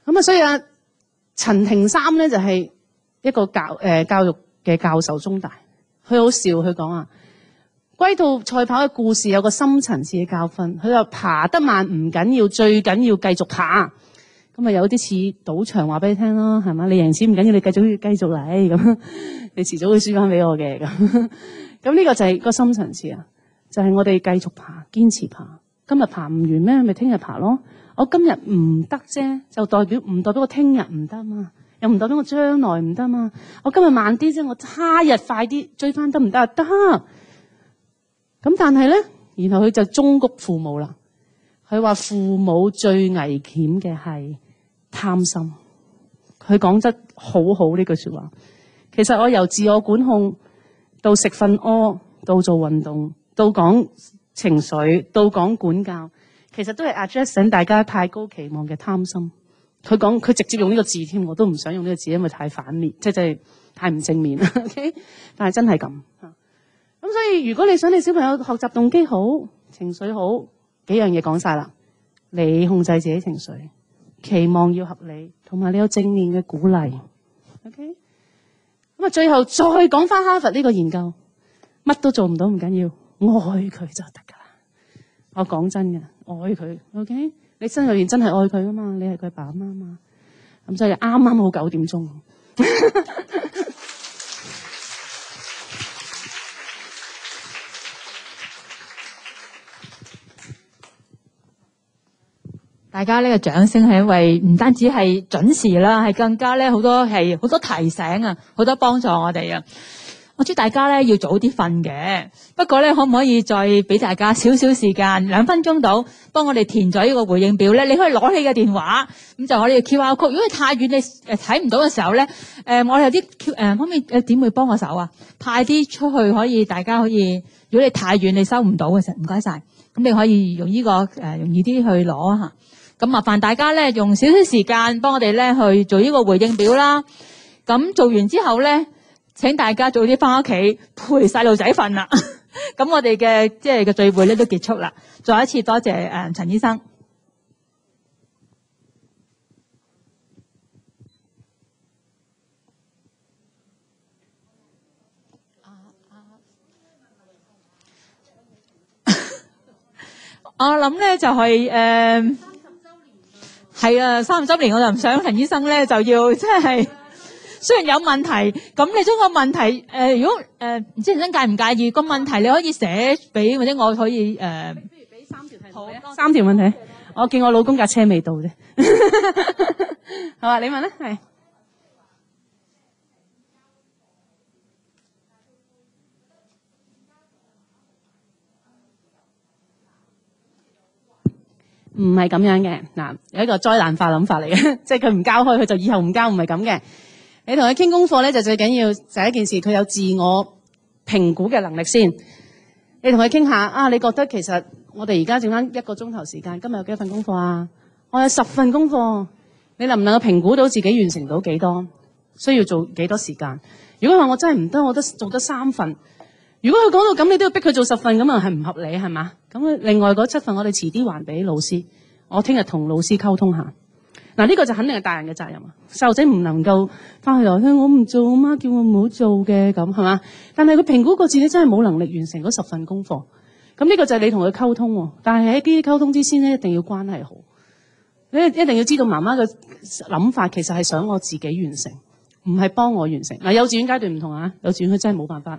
咁啊，所以呀，陳庭三咧就係、是。一個教誒、呃、教育嘅教授，中大佢好笑，佢講啊，龜兔賽跑嘅故事有個深層次嘅教訓。佢話爬得慢唔緊要，最緊要繼續爬。咁咪有啲似賭場話俾你聽咯，係嘛？你贏錢唔緊要，你繼續繼續嚟咁，你遲早會輸翻俾我嘅咁。咁呢個就係個深層次啊，就係、是、我哋繼續爬，堅持爬。今日爬唔完咩？咪聽日爬咯。我今日唔得啫，就代表唔代表我聽日唔得嘛？又唔代表我將來唔得嘛？我今日慢啲啫，我差日快啲追翻得唔得啊？得。咁但係咧，然後佢就忠告父母啦。佢話父母最危險嘅係貪心。佢講得好好呢句說話。其實我由自我管控到食瞓屙，到做運動，到講情緒，到講管教，其實都係 address 緊大家太高期望嘅貪心。佢講，佢直接用呢個字添，我都唔想用呢個字，因為太反面，即係太唔正面啦。O K，但係真係咁。咁所以如果你想你小朋友學習動機好、情緒好，幾樣嘢講晒啦，你控制自己情緒，期望要合理，同埋你有正面嘅鼓勵。O K，咁啊，最後再講翻哈佛呢個研究，乜都做唔到，唔緊要，愛佢就得噶啦。我講真嘅，愛佢。O K。你身入面真係愛佢噶嘛？你係佢爸媽嘛？咁所以啱啱好九點鐘，呵呵，大家呢個掌聲係因為唔單止係準時啦，係更加咧好多係好多提醒啊，好多幫助我哋啊！我知大家咧要早啲瞓嘅，不過咧可唔可以再俾大家少少時間兩分鐘到，幫我哋填咗呢個回應表咧？你可以攞起個電話，咁就我哋嘅 QR Code。如果你太遠你睇唔、呃、到嘅時候咧，誒、呃、我哋有啲誒 Q 誒可唔可以誒點會幫我手啊？派啲出去可以，大家可以如果你太遠你收唔到嘅時候，唔該晒。咁你可以用呢、呢個誒、呃、容易啲去攞吓咁、啊、麻煩大家咧用少少時間幫我哋咧去做呢個回應表啦。咁做完之後咧。請大家早啲翻屋企陪細路仔瞓啦！咁 <laughs> 我哋嘅即係嘅聚會咧都結束啦。再一次多謝誒、呃、陳醫生。 <laughs> 我諗咧就係誒，係、呃、啊，三十周年我就唔想陳醫生咧就要即係。 <laughs> 雖然有問題，咁你將個問題誒，如果誒唔知陳生介唔介意個問題，你可以寫俾或者我可以誒，不如俾三條問題，好，三條問題。我見我老公架車未到啫，係嘛？好，你問咧，係唔係咁樣嘅？嗱，有一個災難化諗法嚟嘅，即係佢唔交開，佢就以後唔交，唔係咁嘅。你同佢傾功課咧，就最緊要就係一件事，佢有自我評估嘅能力先。你同佢傾下啊，你覺得其實我哋而家剩返一個鐘頭時,時間，今日有幾多份功課啊？我有十份功課，你能唔能夠評估到自己完成到幾多，需要做幾多時間？如果佢話我真係唔得，我得做得三份。如果佢講到咁，你都要逼佢做十份咁啊，係唔合理係嘛？咁另外嗰七份我哋遲啲還俾老師，我聽日同老師溝通下。嗱，呢個就肯定係大人嘅責任啊！細路仔唔能夠翻去樓梯，我唔做，我媽叫我唔好做嘅咁，係嘛？但係佢評估過自己真係冇能力完成嗰十份功課。咁、這、呢個就係你同佢溝通喎。但係喺啲溝通之前呢，一定要關係好。你一定要知道媽媽嘅諗法，其實係想我自己完成，唔係幫我完成。嗱，幼稚園階段唔同啊，幼稚園佢真係冇辦法，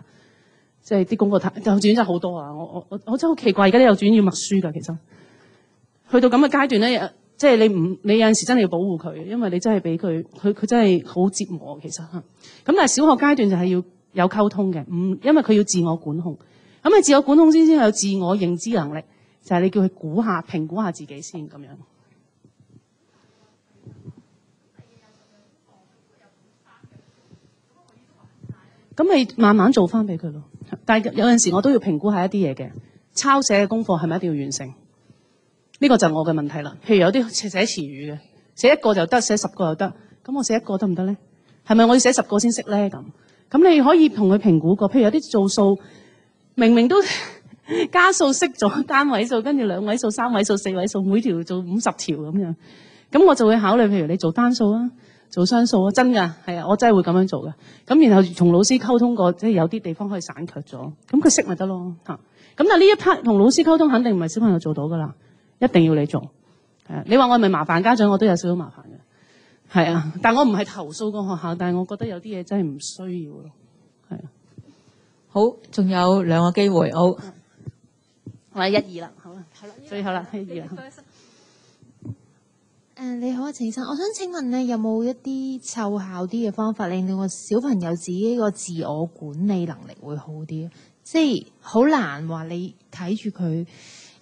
即係啲功課幼稚園真係好多啊！我我我，我真係好奇怪，而家啲幼稚園要默書㗎，其實去到咁嘅階段咧。即係你唔，你有陣時真係要保護佢，因為你真係俾佢，佢佢真係好折磨其實嚇。咁但係小學階段就係要有溝通嘅，唔，因為佢要自我管控。咁你自我管控先先有自我認知能力，就係你叫佢估下、評估下自己先咁樣。咁你慢慢做翻俾佢咯。但係有陣時我都要評估下一啲嘢嘅，抄寫嘅功課係咪一定要完成？呢個就係我嘅問題啦。譬如有啲寫詞語嘅，寫一個就得，寫十個又得。咁我寫一個得唔得咧？係咪我要寫十個先識咧？咁咁你可以同佢評估過。譬如有啲做數，明明都加數識咗單位數，跟住兩位數、三位數、四位數，每條做五十條咁樣。咁我就會考慮，譬如你做單數啊，做雙數啊，真㗎係啊，我真係會咁樣做嘅。咁然後同老師溝通過，即係有啲地方可以省卻咗。咁佢識咪得咯嚇？咁但呢一 part 同老師溝通，肯定唔係小朋友做到㗎啦。一定要你做，係你話我係咪麻煩家長？我都有少少麻煩嘅，係啊。但係我唔係投訴個學校，但係我覺得有啲嘢真係唔需要咯，係啊。好，仲有兩個機會，好，或者一二啦，好啊，係啦，最後好啦，一二。誒，你好啊，陳生，我想請問咧，有冇一啲奏效啲嘅方法，令到個小朋友自己個自我管理能力會好啲？即係好難話你睇住佢。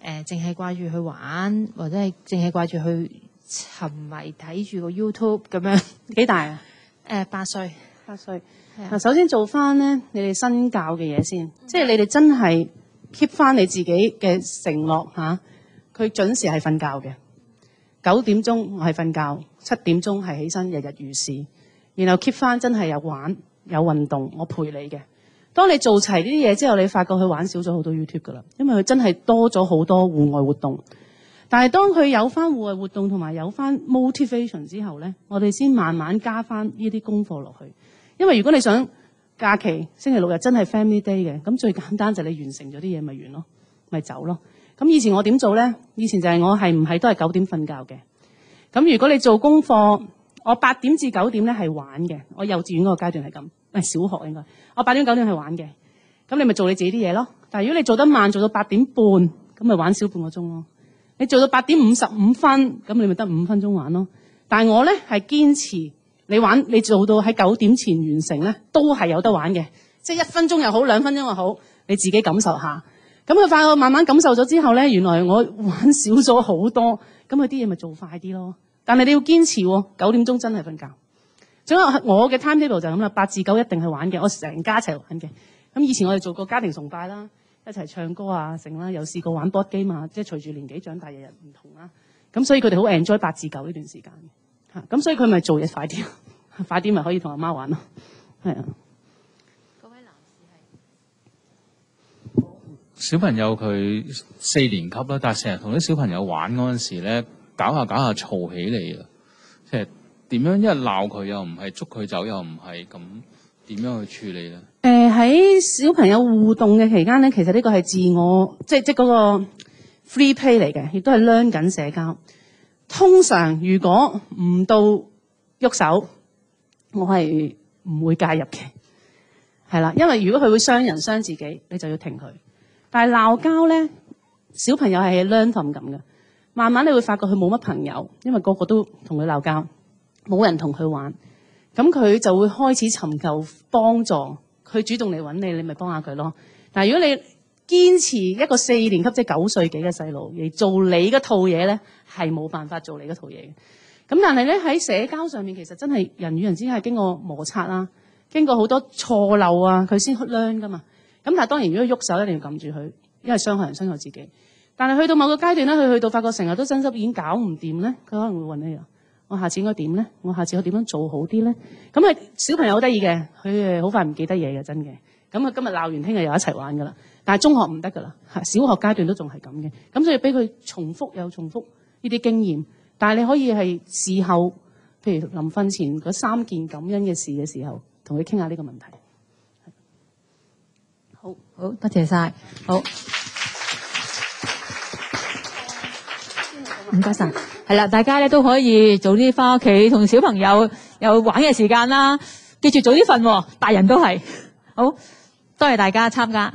誒、呃，淨係掛住去玩，或者係淨係掛住去沉迷睇住個 YouTube 咁樣。幾大啊？誒、呃，八歲，八歲。係。嗱，首先做翻咧，你哋新教嘅嘢先，嗯、即係你哋真係 keep 翻你自己嘅承諾嚇。佢，嗯啊、準時係瞓覺嘅，九點鐘我係瞓覺，七點鐘係起身，日日如是。然後 keep 翻真係有玩有運動，我陪你嘅。當你做齊呢啲嘢之後，你發覺佢玩少咗好多 YouTube 噶啦，因為佢真係多咗好多戶外活動。但係當佢有翻戶外活動同埋有翻 motivation 之後呢，我哋先慢慢加翻呢啲功課落去。因為如果你想假期星期六日真係 family day 嘅，咁最簡單就你完成咗啲嘢咪完咯，咪走咯。咁以前我點做呢？以前就係我係唔係都係九點瞓覺嘅。咁如果你做功課，我八點至九點呢係玩嘅。我幼稚園嗰個階段係咁。誒小學應該，我八點九點去玩嘅，咁你咪做你自己啲嘢咯。但係如果你做得慢，做到八點半，咁咪玩少半個鐘咯。你做到八點五十五分，咁你咪得五分鐘玩咯。但係我咧係堅持，你玩你做到喺九點前完成咧，都係有得玩嘅，即係一分鐘又好，兩分鐘又好，你自己感受下。咁佢快，慢慢感受咗之後咧，原來我玩少咗好多，咁佢啲嘢咪做快啲咯。但係你要堅持喎，九點鐘真係瞓覺。所以我嘅 time table 就咁啦，八字九一定係玩嘅，我成家一齊玩嘅。咁以前我哋做過家庭崇拜啦，一齊唱歌啊成啦，又試過玩波機嘛。即係隨住年紀長大，日日唔同啦。咁所以佢哋好 enjoy 八字九呢段時間嚇。咁所以佢咪做嘢快啲，快啲咪可以同阿媽玩咯。係啊，嗰位男士係小朋友佢四年級啦，但係成日同啲小朋友玩嗰陣時咧，搞下搞下嘈起嚟啊，即係。點樣一鬧佢又唔係，捉佢走又唔係，咁點樣去處理咧？誒、呃、喺小朋友互動嘅期間咧，其實呢個係自我即即嗰個 free play 嚟嘅，亦都係 learn 緊社交。通常如果唔到喐手，我係唔會介入嘅，係啦，因為如果佢會傷人傷自己，你就要停佢。但係鬧交咧，小朋友係 learn from 咁嘅，慢慢你會發覺佢冇乜朋友，因為個個都同佢鬧交。冇人同佢玩，咁佢就會開始尋求幫助，佢主動嚟揾你，你咪幫下佢咯。但係如果你堅持一個四年級即係、就是、九歲幾嘅細路嚟做你嗰套嘢呢，係冇辦法做你嗰套嘢。咁但係呢，喺社交上面，其實真係人與人之間係經過摩擦啦，經過好多錯漏啊，佢先出娘噶嘛。咁但係當然如果喐手，一定要撳住佢，因為傷害人、傷害自己。但係去到某個階段呢，佢去到發覺成日都爭執已經搞唔掂呢，佢可能會揾你。我下次應該點咧？我下次我點樣做好啲咧？咁啊，小朋友好得意嘅，佢誒好快唔記得嘢嘅，真嘅。咁啊，今日鬧完，聽日又一齊玩噶啦。但係中學唔得噶啦，小學階段都仲係咁嘅。咁所以俾佢重複又重複呢啲經驗。但係你可以係事後，譬如臨瞓前嗰三件感恩嘅事嘅時候，同佢傾下呢個問題。好好，多謝晒。好。謝謝。唔該曬，係啦，大家咧都可以早啲返屋企同小朋友有玩嘅時間啦。記住早啲瞓喎，大人都係，好，多謝大家參加。